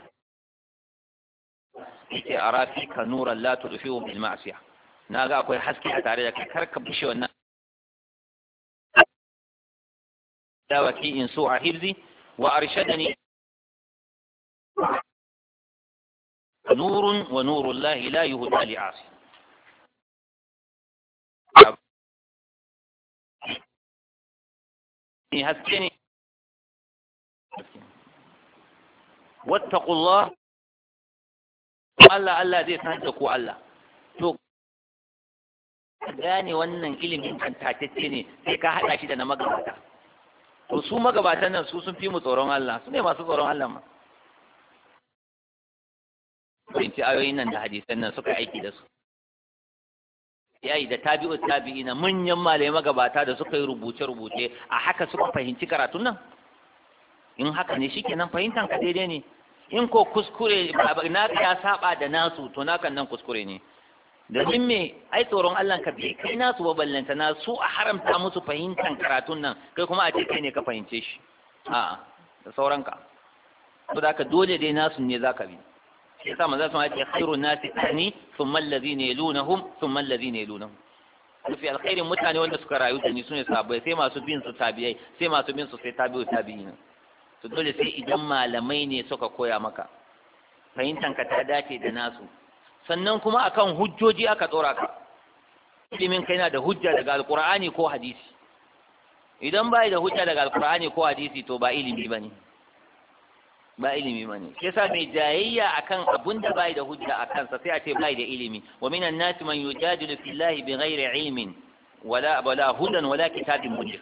yake a rafi ka nuran la tudfi'u na ga akwai haske a tare da kai kar ka bushe wannan dawaki in so a hirzi wa arshadani nurun wa nurun lahi la yuhda li asi ni haske ne wattaqullah Allah Allah zai san ku Allah to gane wannan ilimin tantatacce ne sai ka haɗa shi da na magabata to su magabatan nan su sun fi mu tsoron Allah su ne masu tsoron Allah ma fahimci ayoyin nan da hadisan nan suka aiki da su yayi da tabi'u tabi'ina manyan malai magabata da suka yi rubuce-rubuce a haka suka fahimci karatun nan in haka ne shikenan fahimtan ka daidai ne in ko kuskure na ya saba da nasu to nakan nan kuskure ne domin me ai tsoron Allah ka bi kai nasu ba ballanta na su a haramta musu fahimtan karatun nan kai kuma a ce kai ne ka fahimce shi a da sauranka to da ka dole dai nasu ne zaka bi shi yasa manzo sun ce khairu nasi ahni thumma alladhina yalunhum thumma alladhina yalunhum mafi alkhairin mutane wanda suka rayu da ni sune sabai sai masu bin su tabiyai sai masu bin su sai tabi'u tabi'in to dole sai idan malamai ne suka koya maka fahimtanka ta dace da nasu sannan kuma akan hujjoji aka tsora ka ilimin kai na da hujja daga alqur'ani ko hadisi idan bai da hujja daga alqur'ani ko hadisi to ba ilimi bane ba ilimi bane shi yasa mai jayayya akan abun da bai da hujja akan sa sai a ce bai da ilimi wa minan nasi man yujadilu fillahi bighairi ilmin wala wala hudan wala kitabin mujir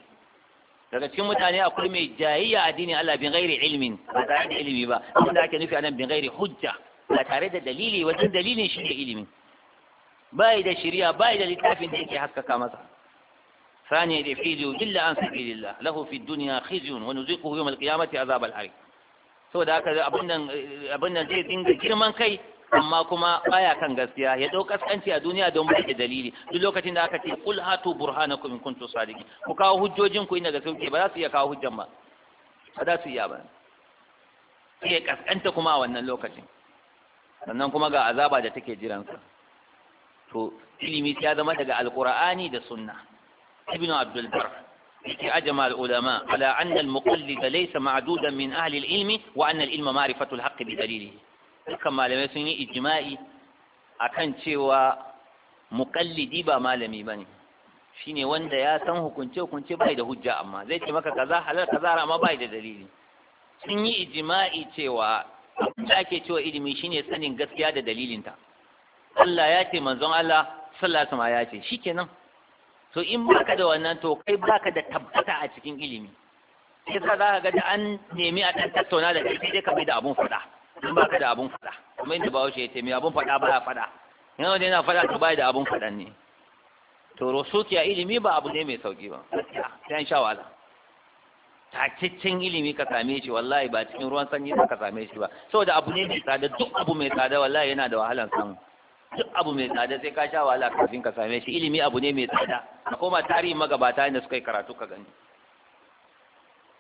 daga cikin mutane akwai mai jayayya addini Allah bin ghairi ilmin ba tare da ilimi ba wanda ake nufi anan bin ghairi hujja ba tare da dalili wajen dalilin shi ne ilimi bai da shari'a bai da littafin da yake haskaka masa ثانيا يفيد جل عن سبيل الله له في الدنيا خزي ونذيقه يوم القيامة عذاب الحريق So da haka abin nan zai dinga girman kai amma kuma baya kan gaskiya ya dau kaskanci a duniya don bai dalili duk lokacin da aka ce kul hatu burhanakum in kuntum sadiqin ku kawo hujjojin ku inda gaskiya ba za su iya kawo hujjan ba ba za su iya ba sai kaskanta kuma a wannan lokacin sannan kuma ga azaba da take sa to ilimi ya zama daga alqur'ani da sunna ibnu abdul bar أجمع العلماء على أن المقلد ليس معدودا من أهل العلم وأن العلم معرفة الحق بدليله كما لم يسني إجماعي akan cewa muƙallidi ba malami bane shine wanda ya san hukunce hukunce bai da hujja amma zai ce maka kaza halal kaza ba bai da dalili sun yi ijma'i cewa da ake cewa ilimi shine sanin gaskiya da dalilinta Allah ya ce manzon Allah sallallahu alaihi wasallam ya ce shikenan to in baka da wannan to kai baka da tabbata a cikin ilimi sai sa za ka ga da an nemi a ɗan tattauna da kai sai ka bai da abun faɗa in baka da abun faɗa kuma inda ba ya ce mai abun faɗa ba ya faɗa yana wanda yana faɗa to bai da abun faɗan ne to rusuki ilimi ba abu ne mai sauki ba sai an sha wahala cikin ilimi ka same shi wallahi ba cikin ruwan sanyi ba ka same shi ba saboda abu ne mai tsada duk abu mai tsada wallahi yana da wahalan samu duk abu mai tsada sai ka sha wahala kafin ka same shi ilimi abu ne mai tsada a koma tarihin magabata da suka yi karatu ka gani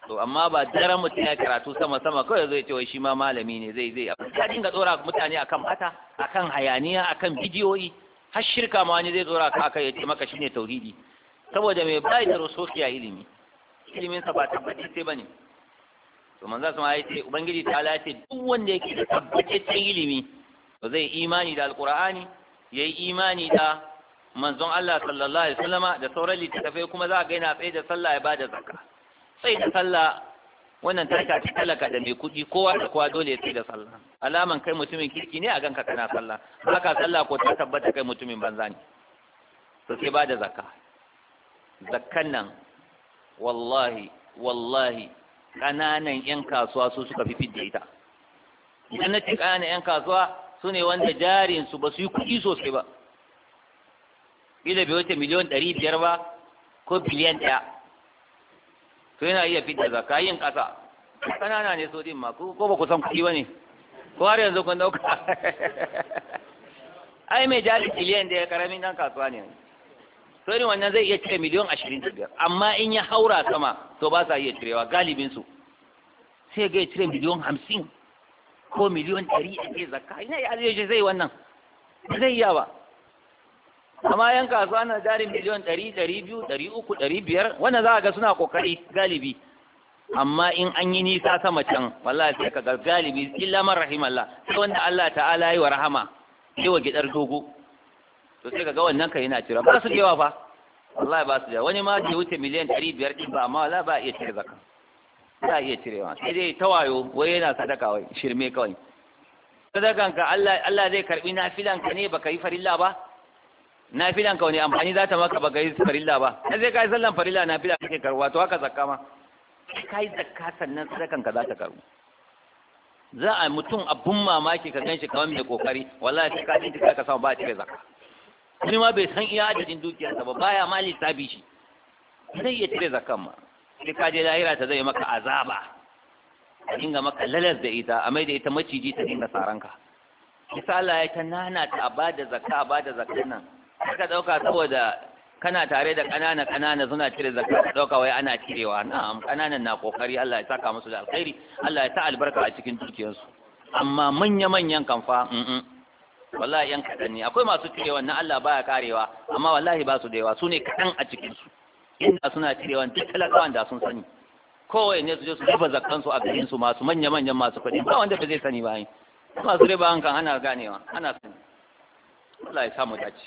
to amma ba daren mutum ya karatu sama sama kawai zai ce wai shi ma malami ne zai zai abu ya dinga tsora mutane akan mata, akan hayaniya akan bidiyoyi har shirka ma wani zai tsora ka ya ce maka shi ne tauridi. saboda mai bai da rusufiya ilimi ilimin sa ba tabbatacce bane to manzo sama ya ce ubangiji ta lace duk wanda yake da tabbataccen ilimi ba zai imani da alkur'ani ya yi imani da manzon Allah sallallahu alaihi wasallama da sauran littattafai kuma za a ga yana tsaye da sallah ya bada zakka sai da sallah wannan tarka ta talaka da mai kuɗi kowa da kowa dole ya tsaye da sallah alaman kai mutumin kirki ne a ganka kana sallah haka sallah ko ta tabbata kai mutumin banza ne to sai bada zakka zakkan nan wallahi wallahi ƙananan 'yan kasuwa su suka fi fidda ita idan na ce ƙananan 'yan kasuwa su ne wanda jarinsu ba su yi kuɗi sosai ba ƙila bai wata miliyon ɗari biyar ba ko biliyan ɗaya to yana iya fidda zaka yin ƙasa ƙanana ne so din ma ko ba ku san kuɗi ba ne ko har yanzu kun ɗauka ai mai jari biliyan ɗaya ƙaramin ɗan kasuwa ne to irin wannan zai iya cire miliyon ashirin da biyar amma in ya haura sama to ba sa iya cirewa galibinsu sai ga ya cire miliyon hamsin ko miliyon ɗari a ke zakka ina ya zai zai wannan zai iya ba amma yan kasuwa na jarin miliyon ɗari ɗari biyu ɗari uku ɗari biyar wannan za a ga suna kokari galibi amma in an yi nisa sama can wallahi sai ka ga galibi illa man rahimallah sai wanda Allah ta'ala yi wa rahama sai wa gidar dogo to sai ka ga wannan kai yana cira ba su da yawa fa wallahi ba su da wani ma da wuce miliyan ɗari biyar ɗin ba amma wallahi ba iya cire zakka za a iya cirewa sai dai ta wayo wai yana sadaka wai shirme kawai ka Allah Allah zai karbi ka ne baka yi farilla ba ka wani amfani za ta maka baka yi farilla ba na sai kai sallan farilla nafila kake karwa to haka zakka ma kai zakka sannan ka za ta karu za a mutum abun mamaki ka ganshi kamar mai kokari wallahi sai ka dinka ka samu ba ta zakka ni ma bai san iya adadin dukiyarsa ba baya ma lissafi shi zai iya cire zakkan ma sai ka je lahira ta zai maka azaba a dinga maka lalas da ita a mai da ita maciji ta dinga saranka misala ya ta nana ta ba da zakka ba da zakka nan ka dauka saboda kana tare da kanana kanana suna cire zakka ka dauka wai ana cirewa na'am kananan na kokari Allah ya saka musu da alkhairi Allah ya sa albarka a cikin dukiyansu. amma manya manyan kan fa wallahi yan kadan ne akwai masu cirewa na Allah baya karewa amma wallahi ba su da yawa su ne kadan a cikin su inda suna cirewa duk talakawa da sun sani kowai ne su je su raba zakkansu a garin su masu manya manyan masu kuɗi ba wanda ba zai sani ba masu riba hankan ana ganewa ana sani Allah ya samu dace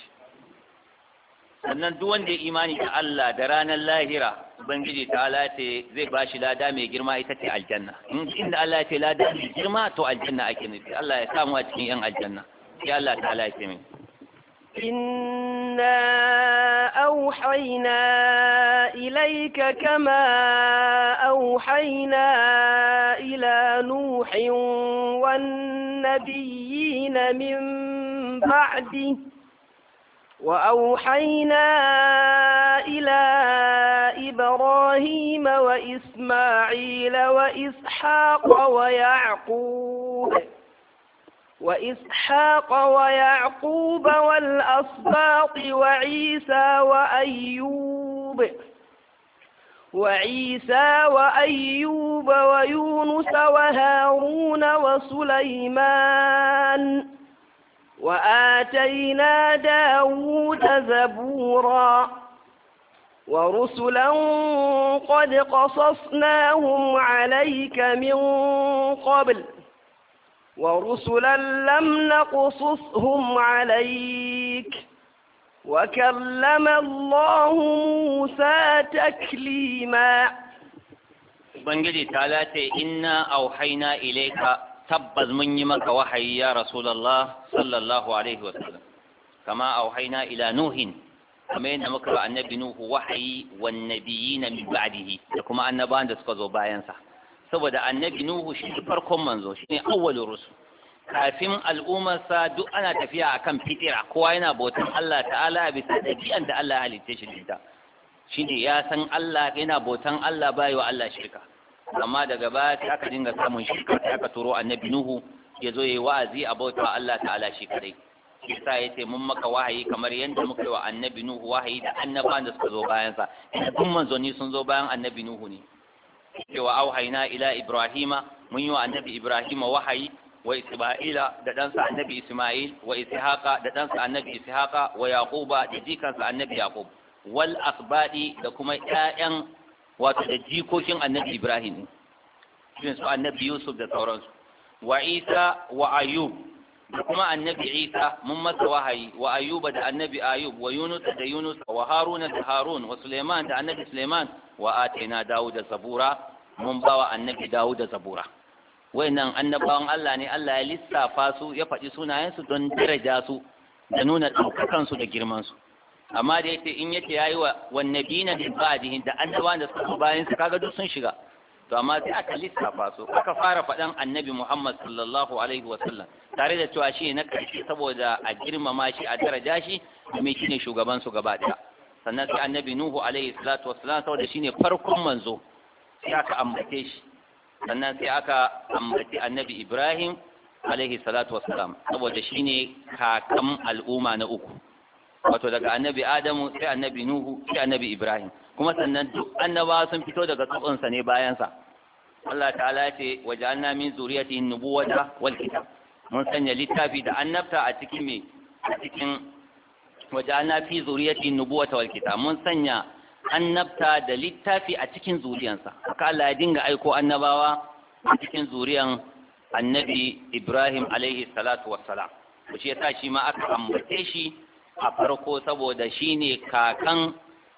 sannan duk wanda ya imani da Allah da ranar lahira ubangiji ta ce zai ba shi lada mai girma ita ce aljanna inda Allah ya ce lada mai girma to aljanna ake nufi Allah ya samu a cikin yan aljanna ya Allah ta halaye mai. إنا أوحينا إليك كما أوحينا إلى نوح والنبيين من بعده وأوحينا إلى إبراهيم وإسماعيل وإسحاق ويعقوب وإسحاق ويعقوب والأصباط وعيسى وأيوب وعيسى وأيوب ويونس وهارون وسليمان وآتينا داود زبورا ورسلا قد قصصناهم عليك من قبل ورسلا لم نقصصهم عليك وكلم الله موسى تكليما Ubangiji ta lace inna auhaina ilaika tabbas mun yi maka wahayi ya Rasulullah sallallahu alaihi wasallam kama auhaina ila nuhin kama yadda muka ba annabi nuhu wahayi wan nabiyina min ba'dihi da kuma annabawan da suka zo bayansa. saboda annabi nuhu shi farkon manzo shi ne awwalin rusul kafin al'ummarsa duk ana tafiya akan fitira kowa yana bautan Allah ta'ala bisa ɗabi'an da Allah ya halitta shi da ya san Allah yana bautan Allah bai wa Allah shirka amma daga baya sai aka dinga samun shirka sai aka turo annabi nuhu ya zo yayi wa'azi a bauta Allah ta'ala shi kadai yasa yace mun maka wahayi kamar yadda muka yi wa annabi nuhu wahayi da annabawan da suka zo bayansa. sa duk manzoni sun zo bayan annabi nuhu ne cewa auhayna ila ibrahima mun yi wa annabi ibrahima wahayi wa isma'ila da ɗansa annabi isma'il wa ishaqa da ɗansa annabi ishaqa wa yaquba da jikansa annabi yaqub wal asbadi da kuma ƴaƴan wato da jikokin annabi ibrahim irin su annabi yusuf da sauransu wa isa wa Ayyub. da kuma annabi Isa mun masa wahayi wa ayuba da annabi Ayyub wa Yunus da Yunus wa Haruna da Harun wa Suleiman da annabi Suleiman wa Atina Dawud da Zabura mun bawa annabi Dawud da Zabura wayannan annabawan Allah ne Allah ya lissafa su ya faɗi sunayensu don daraja su da nuna ɗaukakan su da girman su amma da yace in ya yayi wa wannabi na da annabawan da suka bayan su kaga duk sun shiga to amma sai aka lissafa su aka fara faɗan annabi Muhammad sallallahu alaihi wasallam tare da cewa shi na ƙarshe saboda a girmama shi a daraja shi domin shine shugaban su gaba ɗaya sannan sai annabi Nuhu alaihi salatu wassalam saboda shine farkon manzo sai aka ambace shi sannan sai aka ambaci annabi Ibrahim alaihi salatu wassalam saboda shine kakan al'umma na uku wato daga annabi Adamu sai annabi Nuhu sai annabi Ibrahim kuma sannan duk annaba sun fito daga tsatsunsa ne bayansa Allah ta'ala ce an min zuriyatihi nubuwata wal kitab mun sanya littafi da annabta a cikin me a cikin waja'alna fi zuriyatihi nubuwata wal kitab mun sanya annabta da littafi a cikin zuriyansa haka Allah ya dinga aiko annabawa a cikin zuriyan annabi Ibrahim alaihi salatu wassalam shi yasa shi ma aka ambace shi a farko saboda shine kakan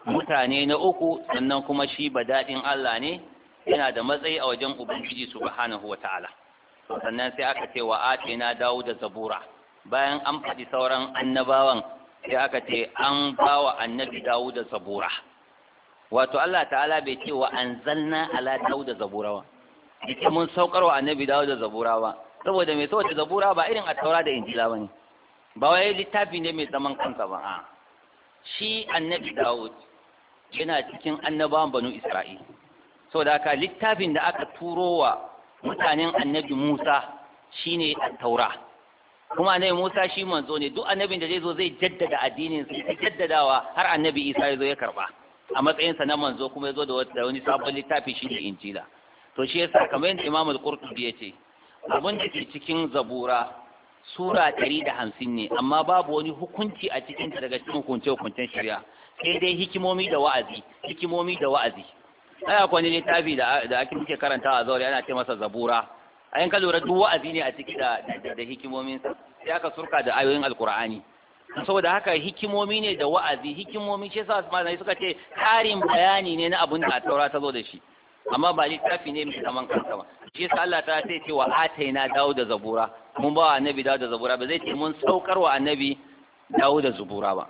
mutane na uku sannan kuma shi badadin Allah ne yana da matsayi a wajen ubangiji subhanahu wa ta'ala sannan sai aka ce wa atina dawo da zabura bayan an faɗi sauran annabawan sai aka ce an bawa annabi dawo da zabura wato Allah ta'ala bai ce wa anzalna ala dawo da zabura ba yake mun saukar wa annabi dawo da zabura ba saboda mai saboda zabura ba irin a taura da injila ba ne ba wai littafi ne mai zaman kansa ba a shi annabi dawud yana cikin annabawan banu isra'ila so da littafin da aka turo wa mutanen annabi Musa shine at-taura kuma annabi Musa shi manzo ne duk annabin da zai zo zai jaddada addinin sa zai jaddadawa har annabi Isa ya zo ya karba a matsayinsa na manzo kuma ya zo da wani sabon littafi shi ne Injila to shi yasa kamar yadda Imam al-Qurtubi ya ce abin da ke cikin Zabura sura ɗari da hamsin ne amma babu wani hukunci a cikin daga cikin hukunce hukuncen shari'a sai dai hikimomi da wa'azi hikimomi da wa'azi ai akwai littafi da da ake muke karanta a zauri ana ce masa zabura ayin ka lura duk wa'azi ne a ciki da da hikimomin sa sai aka surka da ayoyin alqur'ani saboda haka hikimomi ne da wa'azi hikimomi shi yasa malamai suka ce karin bayani ne na abin da taura ta zo da shi amma ba littafi ne mai zaman kansa ba shi yasa Allah ta ce wa ataina dawo da zabura mun ba wa annabi dawo da zabura ba zai ce mun saukar wa annabi dawo da zabura ba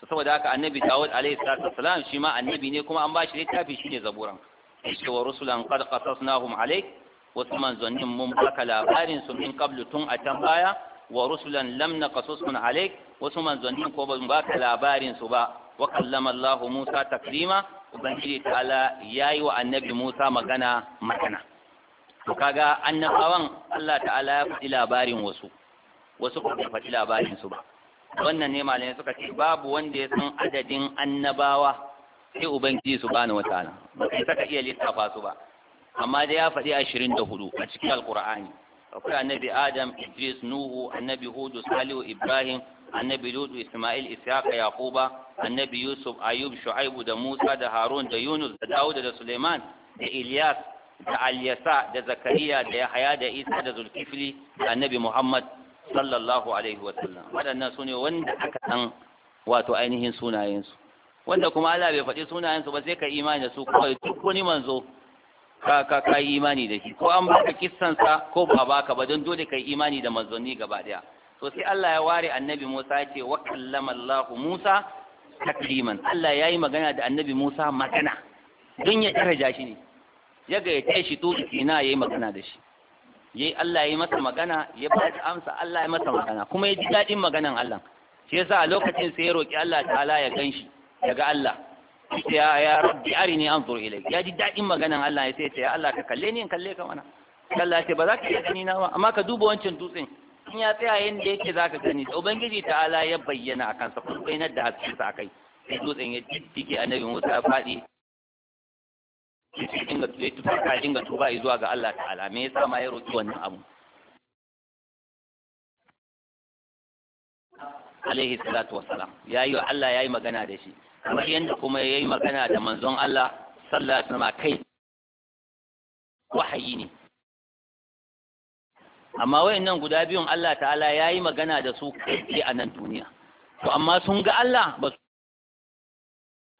to saboda haka annabi Dawud alaihi salatu wassalam shi ma annabi ne kuma an bashi littafi shine zaburan shi wa rusulan qad qasasnahum alaik wasu manzannin mun baka labarin su min qablu tun a can baya wa rusulan lam naqasusum alaik wasu manzannin ko ban baka labarin su ba wa kallama Allah Musa taklima ubangiji ta'ala yayi wa annabi Musa magana magana to kaga annabawan Allah ta'ala ya faɗi labarin wasu wasu ba faɗi labarin su ba wannan ne malamai suka ce babu wanda ya san adadin annabawa sai ubangiji subhanahu wataala ba kai saka iya lissafa su ba amma dai ya faɗi ashirin da hudu a cikin alkur'ani akwai annabi adam idris nuhu annabi hudu salihu ibrahim annabi lutu isma'il ishaqa yaquba annabi yusuf ayub shu'aibu da musa da harun da yunus da dawud da suleiman da ilyas da alyasa da zakariya da yahaya da isa da zulkifli da annabi muhammad sallallahu alaihi wa sallam waɗannan sune wanda aka san wato ainihin sunayensu wanda kuma Allah bai faɗi sunayensu ba sai ka imani da su kawai duk wani manzo ka ka ka yi imani da shi ko an baka kissan sa ko ba baka ba don dole kai imani da manzonni gaba daya to sai Allah ya ware annabi Musa ya ce wa kallama Allah Musa takliman Allah yayi magana da annabi Musa magana don ya daraja shi ne yaga ya tashi to ina yayi magana da shi yayi Allah ya masa magana ya ba da amsa Allah ya masa magana kuma ya ji daɗin maganan Allah shi yasa a lokacin sai ya roki Allah ta'ala ya ganshi daga Allah ya ya rabbi arini anzur ilai ya ji daɗin maganan Allah ya sai ya Allah ka kalle ni in kalle ka mana Allah ce ba za ka iya gani na ba amma ka duba wancan dutsen in ya tsaya yanda yake za ka gani Da ubangiji ta'ala ya bayyana a kansa kuma bayyana da hasken sa kai dutsen ya a annabi Musa ya faɗi. inga tuba inga tuba zuwa ga Allah ta'ala me yasa ma ya roki wannan abu alaihi salatu wassalam yayi Allah yayi magana da shi kamar yanda kuma yayi magana da manzon Allah sallallahu alaihi wasallam kai wahayi ne amma wayannan guda biyun Allah ta'ala yayi magana da su kai a nan duniya to amma sun ga Allah ba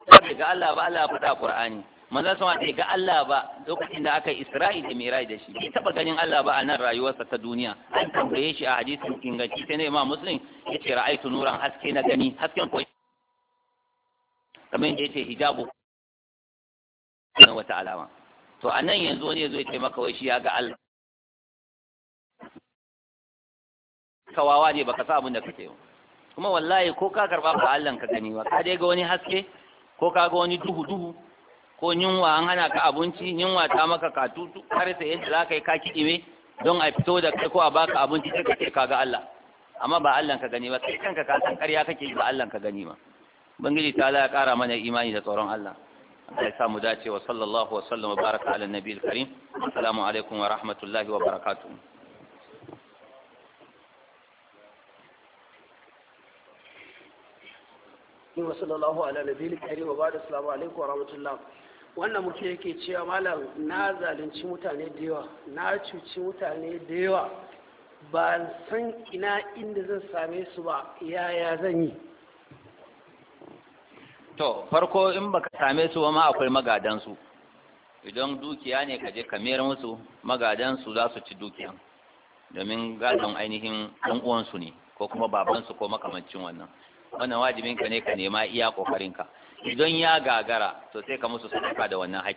su ga Allah ba Allah ya faɗa Qur'ani manzan sama bai ga Allah ba lokacin da aka Isra'i da mirai da shi bai taba ganin Allah ba a nan rayuwarsa ta duniya an tambaye shi a hadisin inganci sai ne ma Muslim ce ra'aitu nuran haske na gani hasken koyi kamar yadda yace hijabu na wata alama to a nan yanzu wani ya zo ya ce maka wai shi ya ga Allah kawawa ne baka sa abin da kake yi kuma wallahi ko ka karba ba Allah ka gani ba ka dai ga wani haske ko ka ga wani duhu duhu ko yunwa an hana ka abinci yunwa ta maka ka tutu, har sai yadda za ka yi kaki ime don a fito da kai ko a baka abinci sai ka ce ka ga Allah amma ba Allah ka gani ba sai kanka ka san ƙarya kake ba Allah ka gani ba bangiji ta Allah ya ƙara mana imani da tsoron Allah Allah ya samu dace wa sallallahu wa sallama baraka ala nabiyil karim assalamu alaikum wa rahmatullahi wa barakatuh وصلى ala على نبينا الكريم وبعد السلام عليكم ورحمه الله wannan mutum yake cewa malam na zalunci mutane da yawa na cuci mutane da yawa ba san ina inda zan same su ba yaya zan yi to farko in baka same su ma akwai magadansu idan dukiya ne kaje ka mayar musu magadansu za su ci dukiyan domin gadon ainihin ɗan uwansu ne ko kuma babansu ko makamancin wannan wannan wajibinka ne ka nema iya ƙoƙarinka idan ya gagara to sai ka musu sadaka da wannan ka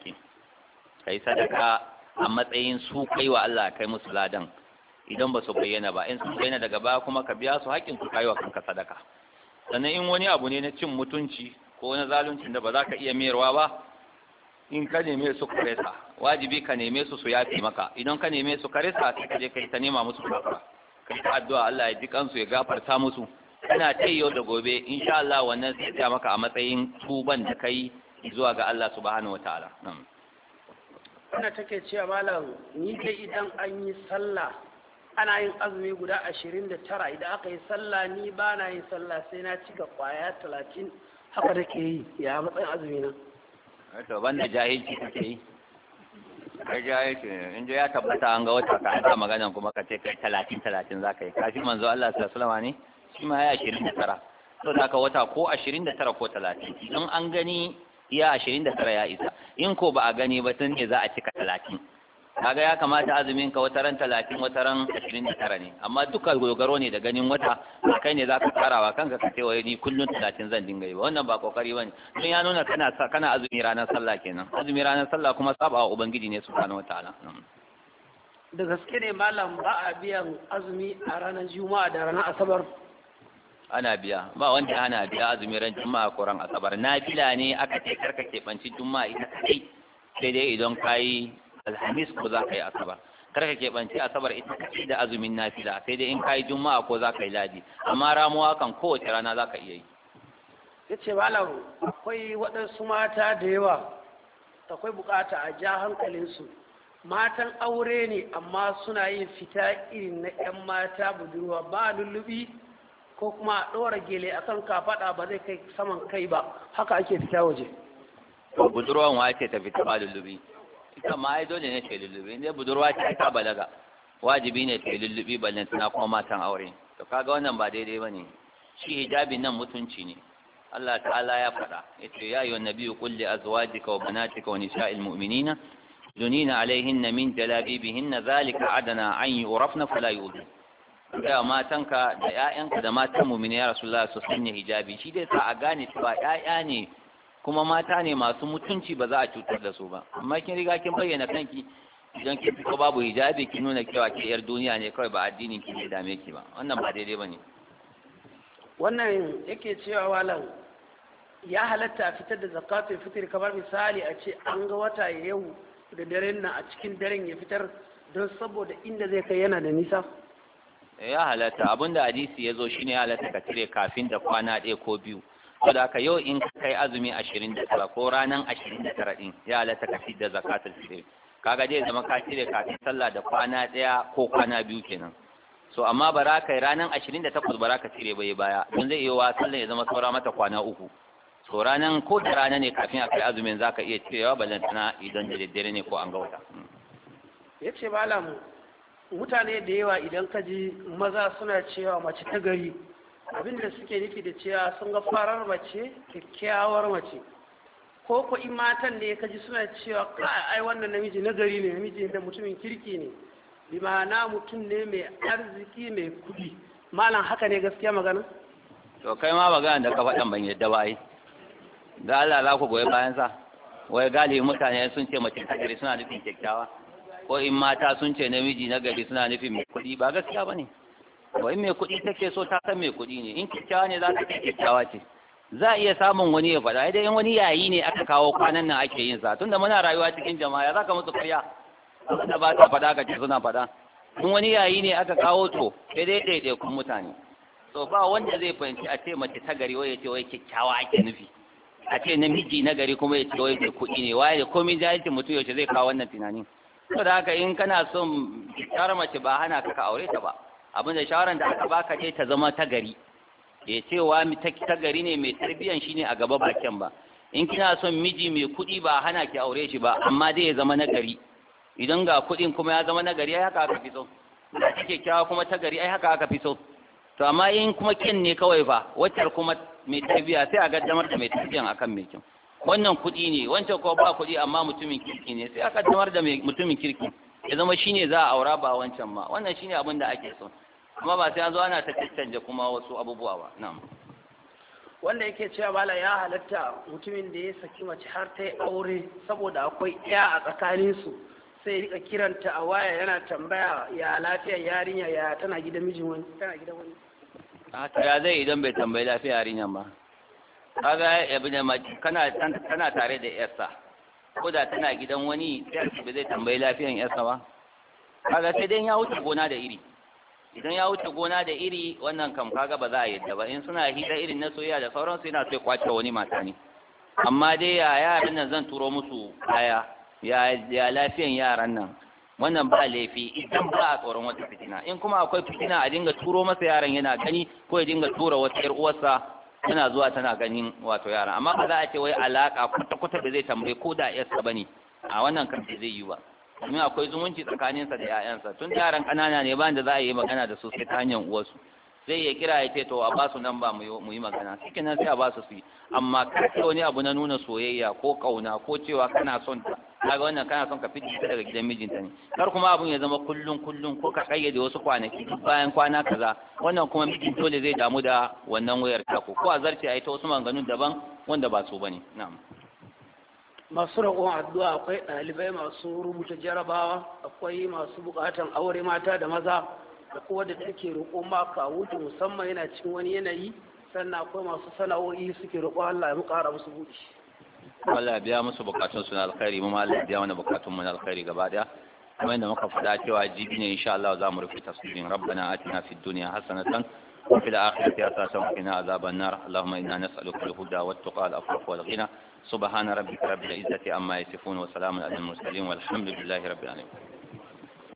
kai sadaka a matsayin su kai wa Allah kai musu ladan idan ba su bayyana ba in sun bayyana daga baya kuma ka biya su haƙƙin su kai wa kanka sadaka sannan in wani abu ne na cin mutunci ko na zaluncin da ba za ka iya mayarwa ba in ka neme su karesa wajibi ka neme su su yafi maka idan ka neme su karesa sai ka je kai ta nema musu gafara kai ta addu'a Allah ya ji kansu ya gafarta musu kana ta yau da gobe insha Allah wannan zai ta maka a matsayin tuban da kai zuwa ga Allah subhanahu wataala wannan take cewa malam ni dai idan an yi sallah ana yin azumi guda ashirin da tara idan aka yi sallah ni ba na yin sallah sai na cika kwaya talatin haka da ke yi ya matsayin azumi na eh, to banda jahilci kake yi kai jahilci in ya tabbata an ga wata ka an sa kuma ka ce kai talatin talatin za ka yi kafin manzo Allah sallallahu alaihi wasallam ne shi ma ya ashirin da tara to da aka wata ko ashirin da tara ko talatin idan an gani ya ashirin da tara ya isa in ko ba a gani ba sun ne za a cika talatin kaga ya kamata azumin ka wata ran talatin wata ran ashirin da tara ne amma duka dogaro ne da ganin wata ba kai ne za ka tsarawa kanka ka cewa ni kullum talatin zan dinga yi ba wannan ba kokari ba ne don ya nuna kana kana azumi ranar sallah kenan azumi ranar sallah kuma saba wa ubangiji ne subhanahu wataala hmm. da gaske ne malam ba a biyan azumi a ranar juma'a da ranar asabar ana biya ba wanda ana biya azumin ran juma'a koran asabar asabar nafila ne aka ce karka banci juma'a ita kai sai dai idan kai alhamis ko za ka yi asabar karka banci asabar ita kai da azumin nafila sai dai in kayi juma'a ko za ka yi ladi amma ramuwa kan kowace rana za ka iya yi ya ce malam akwai waɗansu mata da yawa akwai bukata a ja hankalinsu matan aure ne amma suna yin fita irin na 'yan mata budurwa ba lullubi ko kuma a ɗora gele a kan kafaɗa ba zai kai saman kai ba haka ake fita waje to budurwan wace ta fita ba lullubi ita ma ai dole ne ta lullubi ne budurwa ce ta balaga wajibi ne ta lullubi ballan tana kuma matan aure to kaga wannan ba daidai bane shi hijabi nan mutunci ne Allah ta'ala ya faɗa yace ya ayyuhan nabiyyu qul li azwajika wa banatika wa nisa'il mu'minina يدنين عليهن من جلابيبهن ذلك عدنا أن يعرفن fala يؤذن ya gaya matanka da 'ya'yanka da matan mumini ya rasulullah su sanya hijabi shi dai sa a gane cewa 'ya'ya ne kuma mata ne masu mutunci ba za a cutar da su ba amma kin riga kin bayyana kanki idan kin fito babu hijabi kin nuna cewa ke yar duniya ne kawai ba addinin ki ne dame ki ba wannan ba daidai bane wannan yake cewa walan ya halatta fitar da zakatul ka kamar misali a ce an ga wata yau da daren nan a cikin daren ya fitar don saboda inda zai kai yana da nisa ya halatta abinda hadisi ya zo shine halatta ka cire kafin da kwana ɗaya ko biyu da ka yau in ka kai azumi ashirin da tara ko ranar ashirin da tara ɗin ya halatta ka da zakatul fitr kaga zai zama ka cire kafin sallah da kwana ɗaya ko kwana biyu kenan so amma ba za ka yi ranar ashirin da takwas ba za ka cire bai baya don zai iya wa sallah ya zama saura mata kwana uku so ranar ko da rana ne kafin a kai azumin za ka iya cirewa balantana idan da daddare ne ko an ga wata. Hmm. ya ce malam mutane da yawa idan ka ji maza suna cewa mace ta gari abinda suke nufi da cewa sun ga farar mace kyakkyawar mace ko ko in matan da ka ji suna cewa kai ai wannan namiji na gari ne namiji da mutumin kirki ne bi ma'ana mutum ne mai arziki mai kudi malam haka ne gaskiya magana to kai ma magana da ka faɗan ban yadda ba ai ga Allah za ku goyi bayan sa wai galibi mutane sun ce mace ta gari suna nufin kyakkyawa ko in mata sun ce namiji na gari suna nufin mai kuɗi ba gaskiya ba ne ko in mai kuɗi take so ta san mai kuɗi ne in kyakkyawa ne za ta ce kyakkyawa ce za a iya samun wani ya faɗa idan in wani yayi ne aka kawo kwanan nan ake yin sa tunda muna rayuwa cikin jama'a za ka musu karya da ba ta faɗa ka ce suna faɗa in wani yayi ne aka kawo to sai dai ɗaiɗaikun mutane to ba wanda zai fahimci a ce mace ta gari wai ya ce wai kyakkyawa ake nufi a ce namiji na gari kuma ya ce wai kuɗi ne waye da komai jahilcin mutum yaushe zai kawo wannan tunanin saboda haka in kana son shawarar mace ba hana ka ka aure ta ba abin da shawaran da aka baka ce ta zama ta gari ya eh, cewa ta gari ne mai tarbiyan shine a gaba bakin ba in kina son miji mai kuɗi ba hana ki aure shi ba amma dai ya zama na gari idan ga kuɗin kuma ya zama na gari ai haka aka fi so da kike kyawa kuma ta gari ai haka aka fi so to amma in kuma kyan ne kawai fa waccar kuma mai tarbiya sai a gaddamar da mai tarbiyan akan mai kyau wannan kuɗi ne wancan ko ba kuɗi amma mutumin kirki ne sai aka damar da mutumin kirki ya zama shine za a aura ba wancan ma wannan shine abin da ake so amma ba sai an zo ana ta cancanta kuma wasu abubuwa ba na wanda yake cewa bala ya halatta mutumin da ya saki mace har ta yi aure saboda akwai ya a tsakaninsu sai rika kiranta a waya yana tambaya ya lafiyar yarinya ya tana gidan mijin wani tana gidan wani haka ya zai idan bai tambayi lafiyar yarinya ba kaga abin kana kana tare da yarsa ko da tana gidan wani sai ba zai tambayi lafiyan yarsa ba kaga sai dai ya wuce gona da iri idan ya wuce gona da iri wannan kam kaga ba za a yadda ba in suna hida irin na soyayya da sauransu yana sai kwace wani mata ne amma dai ya abin nan zan turo musu kaya ya lafiyan yaran nan wannan ba laifi idan ba a tsoron wata fitina in kuma akwai fitina a dinga turo masa yaran yana gani ko ya dinga tura wata yar uwarsa tana zuwa tana ganin wato yara amma ba za a ce wai alaka kwata kwata da zai tambaye ko da yarsa bane a wannan kan zai yi ba domin akwai zumunci tsakaninsa da 'ya'yansa tun yaran kanana ne ba da za a yi magana da su sai ta hanyar uwarsu zai iya kira ya ce to a basu nan ba mu yi magana cikin nan sai a basu su yi amma kar wani abu na nuna soyayya ko kauna ko cewa kana son ta kaga wannan kana son ka fi ta daga gidan mijinta ne kar kuma abun ya zama kullun kullun ko ka kayyade wasu kwanaki duk bayan kwana kaza wannan kuma mijin dole zai damu da wannan wayar ta ko ko a zarce ta wasu maganganun daban wanda ba su bane na'am masu roƙon addu'a akwai ɗalibai masu rubuta jarabawa akwai masu buƙatan aure mata da maza da kowa da take roƙo ma wuce musamman yana cikin wani yanayi sannan akwai masu sana'o'i suke roƙo Allah ya mu ƙara musu buɗi Allah biya musu bukatun su na alkhairi mu Allah biya mana bukatun mu na alkhairi gaba daya kuma inda muka faɗa cewa jibi ne insha Allah za mu rufe tasirin rabbana atina fid dunya hasanatan wa fil akhirati hasanatan wa qina azaban nar allahumma inna nas'aluka al-huda wat tuqa al-afwaf wal ghina subhana rabbika rabbil izzati amma yasifun wa salamun alal mursalin walhamdulillahi rabbil alamin